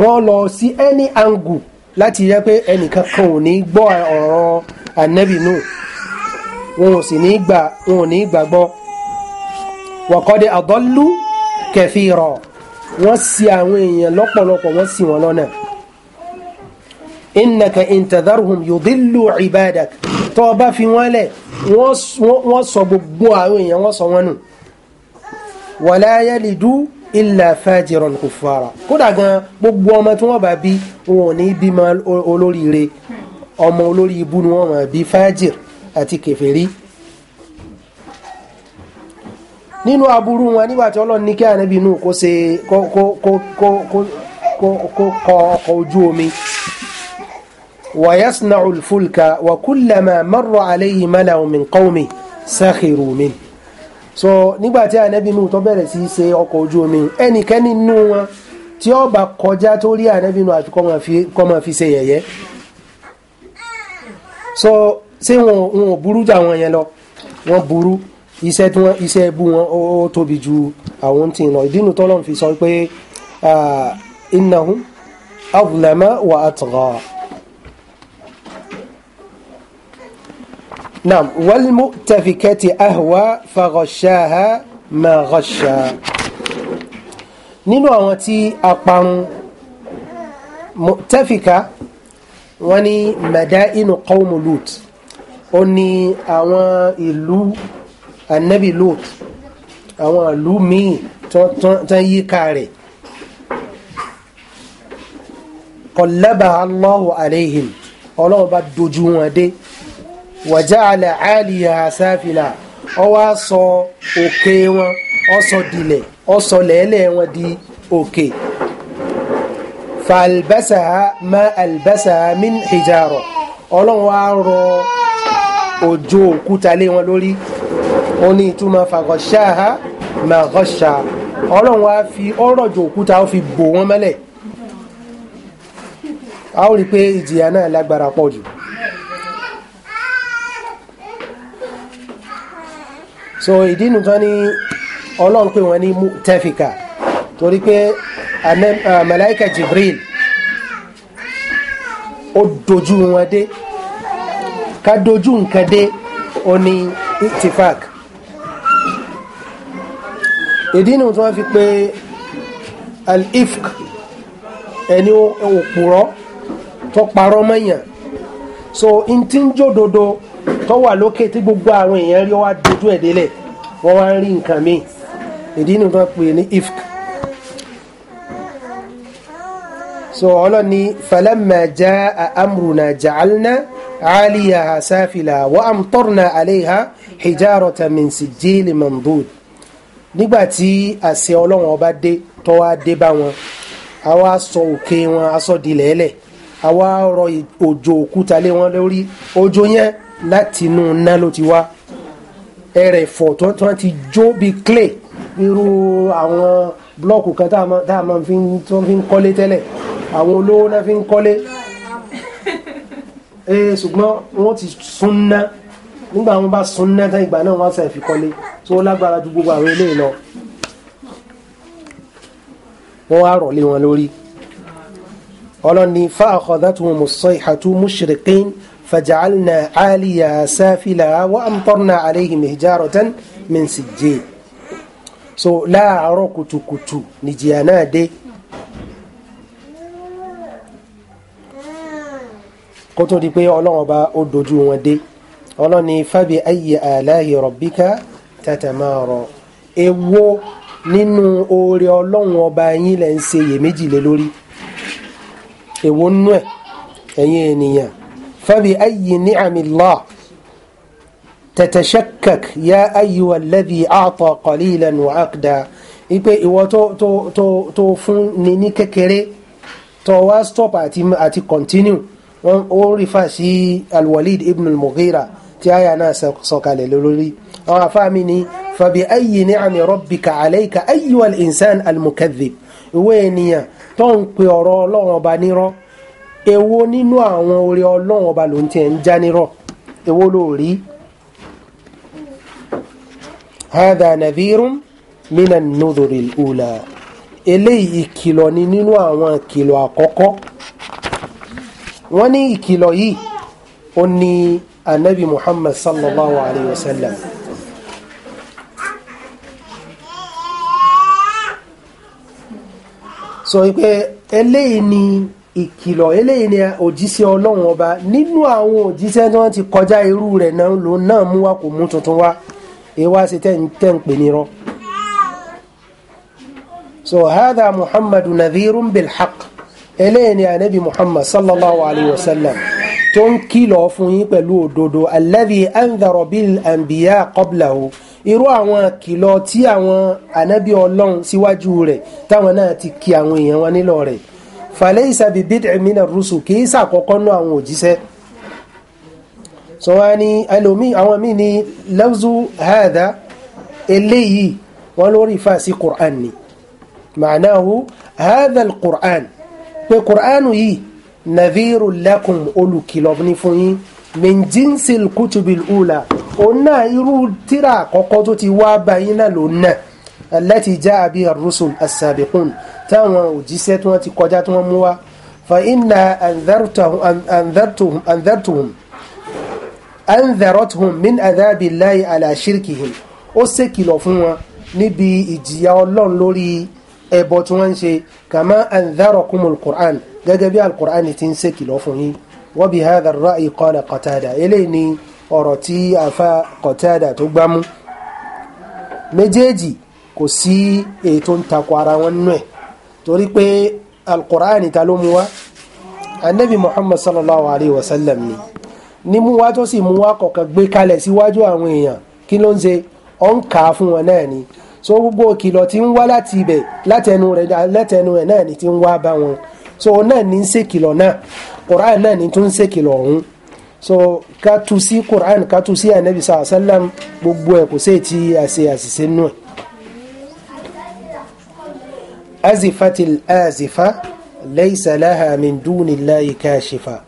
Speaker 1: wọ́n lọ sí any angle láti yẹ pé ẹnìkan kan ò ní gbọ́ ọ̀rọ̀ ànábì náà wọn ò sì ní gbà wọn ò ní gbàgbọ́ wọ̀kọ́dé àdọ́lú kẹfì rọ̀ wọ́n ṣì àwọn èèyàn lọ́pọ̀lọpọ̀ wọ́n ṣì wọ́n lọ́nà innaka intadharhum yudillu ibadak tó o bá fi wọ́n lẹ̀ wọ́n sọ gbogbo àwọn èèyàn wọ́n sọ wọ́n nù wala yalidu illa fajiran kufara kódà gan gbogbo ọmọ tí wọ́n bá bí wọn ò ní bímọ olóríire ọmọ olórí ibú ni wọ́n máa bí fájìr àti kèfèrí nínú aburú wọn nígbàtí ọlọ́run ní kí ànábì inú kó kọ ọkọ̀ ojú omi ويصنع الفلك وكلما مر عليه ملأ من قومه سخروا منه so nígbà tí ànábì nù tó bẹ̀rẹ̀ sí ṣe ọkọ̀ ojú omi ẹnikẹ́ni nínú wọn tí ó bá kọjá tó rí ànábì nù àti kó máa fi ṣe yẹ̀yẹ́ so ṣé wọn wọn ò burú jà wọn yẹn lọ wọn burú iṣẹ́ tí wọ́n iṣẹ́ bú wọn ó tóbi ju àwọn tí ń lọ ìdí nu tọ́lọ́run fi sọ pé ah, innahum adlama wa atgha. نعم والمؤتفكة أهوى فغشاها ما غشا nínú àwọn tí aparun mọ̀tẹ́fìkà wọ́n ní madainu qawmu lut ó ní àwọn ìlú anabi lut àwọn ìlú míì tán yíká rẹ̀ qallabaha Allahu alayhim ọlọ́run bá dojú wọn dé wàjáàlẹ̀ àìlìyà sáfìlà ó wá sọ òkè wọn ó sọ dilẹ̀ ó sọ lẹ́lẹ̀ wọn di òkè fàlbẹ́sàá má àlbẹ́sàá min hijaro ọlọ́run wá rọ òjò òkúta lé wọn lórí ó ní ìtumọ̀ fàgọ̀ṣáà má gọ́ṣà ọlọ́run wá fi ọ̀rọ̀ jò òkúta ó fi bò wọ́n mọ́lẹ̀ a ó rí i pé ìjìyà náà lágbára pọ̀ jù. so ìdí nu tán ní ọlọ́run pé wọ́n ní mu'tafika torí pé uh, uh, màláíkà Jibril ó dojú wọn dé ká dojú nǹkan dé ó ní itifak ìdí nu tí wọ́n fi pé al ẹni òpùrọ́ tó parọ́ mọ́yàn so n ti ń jódodo tó wà lókè tí gbogbo àwọn èèyàn rí wá dojú ẹ̀ délẹ̀ wọ́n wá ń rí nǹkan míì ìdí ni wọ́n pè ní ifk. so ọlọ́ni falamma jaa amruna ja'alna aliyaha safila wa amtarna alayha hijarata min sijili mandud nígbàtí àṣẹ ọlọ́run ọba dé tó wá dé bá wọn a sọ òkè wọn a sọ di rọ òjò òkúta lé wọn lórí òjò yẹn láti inú iná ló ti wá ẹrẹ̀fọ̀ tó tó ti jó bíi clay irú àwọn blọọkù kan tá a máa fi ń kọ́lé tẹ́lẹ̀ àwọn olówó náà fi ń kọ́lé [LAUGHS] eh, ṣùgbọ́n wọ́n ti súnná nígbà wọn bá súnná tán ìgbà náà wọ́n sẹ̀ fi kọ́lé tó lágbára ju gbogbo àwọn eléyìí lọ wọ́n wá rọ̀lé wọn lórí ọlọ́ni fa akhadhatuhumus sayhatu mushriqin. فجعلنا عاليا سافلا وأمطرنا عليهم إهجارة من سجيل so láàárọ̀ kùtùkùtù nìjìyà náà dé kó tó di pé ọlọ́run ọba ó dojú wọn dé ọlọ́ni fábí ayé àláhì rọ̀bíkà tàtàmárọ̀ èwo nínú oore ọlọ́run ọba yín lẹ́ ń ṣe iyèméjì lé lórí èwo nú ẹ̀ ẹ̀yin ènìyàn فبأي نعم الله تتشكك يا أيها الذي أعطى قليلا وأقدى ipe ìwọ tó tó tó tó fún ni ní kékeré tó wá stop àti àti continue wọn ó rí fà sí alwalid ibn al-mughira tí àyà náà sọ̀kalẹ̀ lórí àwọn afáàmì ni fàbí ayi ní àmì rọ́bìkà àlẹ́kà ayiwal insan al-mukadhib ìwé ènìyàn tó ń pe ọ̀rọ̀ ọlọ́run ọba nírọ́ èwo nínú àwọn oore ọlọ́run ọba ló ń tiẹ̀ ń já nírọ̀ èwo ló rí hadha nadhirun minan nudhuril ula eléyìí ìkìlọ̀ ni nínú àwọn ìkìlọ̀ àkọ́kọ́ wọ́n ní ìkìlọ̀ yìí ó ní anabi muhammad sallallahu alayhi wa sallam sọ pé eléyìí ni ìkìlọ̀ eléyìí ni òjíṣẹ́ ọlọ́run ọba nínú àwọn òjíṣẹ́ tí wọ́n ti kọjá irú rẹ̀ náà ló náà mú wa kò mú tuntun wá ewa ṣe tẹ́ ń pè ní rọ. so hadha muhammadu nadhirun bil eléyìí ni anabi muhammad sallallahu alayhi wa sallam tó ń kìlọ̀ fún yín pẹ̀lú òdodo alladhi anzara bil anbiya qablahu irú àwọn kìlọ̀ tí àwọn anabi ọlọ́run síwájú rẹ̀ táwọn náà ti kí àwọn èèyàn wọn nílò rẹ̀ falaysa bi bid'i mina rusul kì í sàkọ́kọ́ nú àwọn òjíṣẹ́ sọ wá ní ẹlòmíì àwọn míì ní lafzu hadha eléyìí wọ́n lórí fàásì qur'an ni ma'nahu hadha al-qur'an pé qur'an yìí nàvírù lakum olùkìlọ̀ ní fún yín min jinsil kutubil náà irú tíra àkọ́kọ́ tó ti wá báyìí náà lòun náà التي جاء بها الرسل السابقون تاما وجيسيت وانتي قجات وموا فإنا أنذرتهم أنذرتهم أنذرتهم أنذرتهم من عذاب الله على شركهم أسكيلو فوا نبي إجيا الله لوري ẹbọ tí wọ́n ń ṣe kàmá anzarakumul qur'an gẹ́gẹ́ bí alqur'an ti ń ṣe kìlọ̀ fún yín wa bi hadha ar-ra'yi qala qatada eléyìí ni ọ̀rọ̀ tí afa qatada tó gbámú méjèèjì kò sí èyí tó ń takò ara wọn nù ẹ̀ torí pé alkùránì ta ló mú wá anabi muhammad sallallahu alayhi wa sallam ni ní mú wá tó sì mú wá kọ̀ọ̀kan gbé kalẹ̀ síwájú àwọn èèyàn kí ló ń ṣe ọ̀ ń kà á fún wọn náà ni so gbogbo òkìlọ̀ tí ń wá láti ibẹ̀ látẹnu rẹ̀ látẹnu rẹ̀ náà ni tí ń wá bá wọn so náà ní ń ṣèkìlọ̀ náà quran náà ní tún ń ṣèkìlọ̀ ọ̀hún so ká tu sí quran ká tu sí anabi sallallahu alayhi wa sallam gbogbo ẹ̀ kò sí èyí tí àṣìṣe nù أزفت الآزفة ليس لها من دون الله كاشفة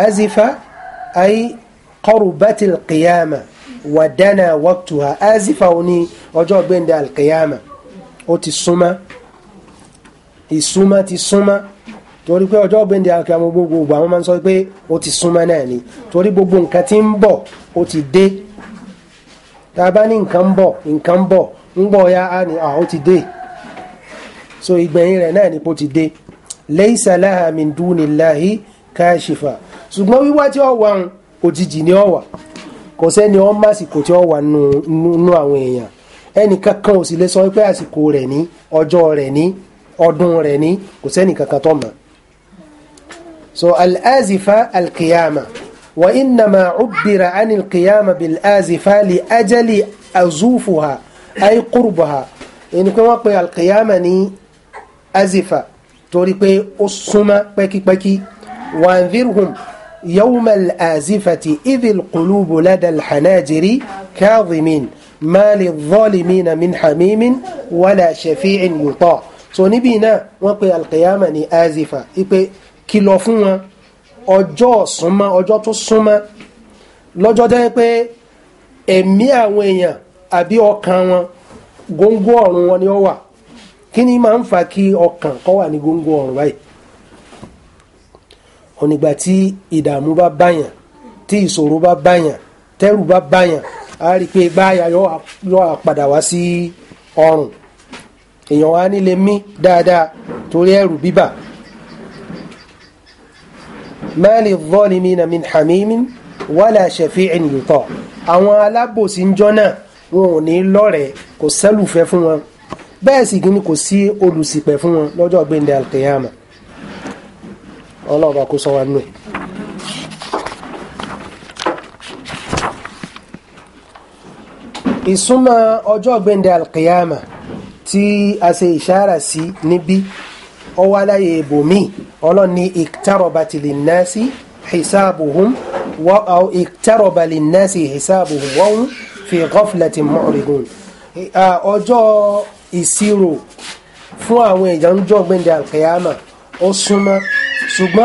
Speaker 1: أزفة أي قربت القيامة ودنا وقتها آزفة وني ọjọ́ gbẹ̀ndẹ̀ alkiyama ó ti súnmọ́ ìsúnmọ́ ti súnmọ́ torí pé ọjọ́ gbẹ̀ndẹ̀ alkiyama gbogbo àwọn máa ń sọ pé ó ti súnmọ́ náà ni torí gbogbo nǹkan tí ń bọ̀ ó ti dé tá a bá ní nǹkan ń bọ̀ nǹkan ń bọ̀ ń bọ̀ ya á ní ó ti dé so ìgbẹ̀yìn rẹ̀ náà ni bó ti dé laysa laha min dunillahi kashifa ṣùgbọ́n wíwá tí ó wà òjijì ni ó wà kò sẹ́ni ó má àsìkò tí ó wà nínú àwọn èèyàn ẹnì kankan ò sì lè sọ pé àsìkò rẹ̀ ní ọjọ́ rẹ̀ ní ọdún rẹ̀ ní kò sẹ́ni kankan tó mọ̀ so al-azifa al-qiyama wa innama ubbira anil qiyama bil azifa li ajali azufuha ay qurbaha ẹni pé wọ́n pe al-qiyama ní azifa torí pé ó súnmọ́ pẹ́kípẹ́kí wanzirhum yawma al-azifati idhil qulubu lada al-hanajiri kadhimin ma lidh-dhalimina min hamimin wala shafi'in yuta so níbi náà wọ́n pe al-qiyama ní azifa ipe kìlọ̀ fún wọn ọjọ́ súnmọ́ ọjọ́ tó súnmọ́ lọ́jọ́ jẹ́ pé ẹ̀mí àwọn èèyàn àbí ọkàn wọn góńgó ọ̀run wọn ni ó wà kí ni máa ń fa kí ọkàn kọ́ wà ní góńgó ọ̀run báyìí onígbà tí ìdààmú bá báyàn tí ìṣòro bá báyàn tẹ́rù bá báyàn a rí i pé báyà yọ àpadà wá sí ọrùn èèyàn wa nílé mí dáadáa torí ẹ̀rù bíbà mali zalimina min hamimin wala shafi'in yuta àwọn alábòsí ń jọ náà wọn ò ní lọ́rẹ̀ẹ́ kò sẹ́lùfẹ́ fún wọn bẹ́ẹ̀ sì kí ni kò sí olùṣìpẹ̀ fún wọn lọ́jọ́ gbẹ̀ndẹ̀ alkiyama ọlọ́ọ̀bà kó sọ wa nù ẹ̀. ìsúnmọ́ ọjọ́ gbẹ̀ndẹ̀ alkiyama tí a ṣe ìṣára sí níbí ọwáláyé ibòmí ọlọ́ni iqtarabati linnasi hisabuhum أو اقترب للناس حسابهم وهم في غفلة معرضون ọjọ́ ìṣirò fún àwọn ìjọ ń jọ gbẹ̀ndẹ̀ alkiyama ó súnmọ́ ṣùgbọ́n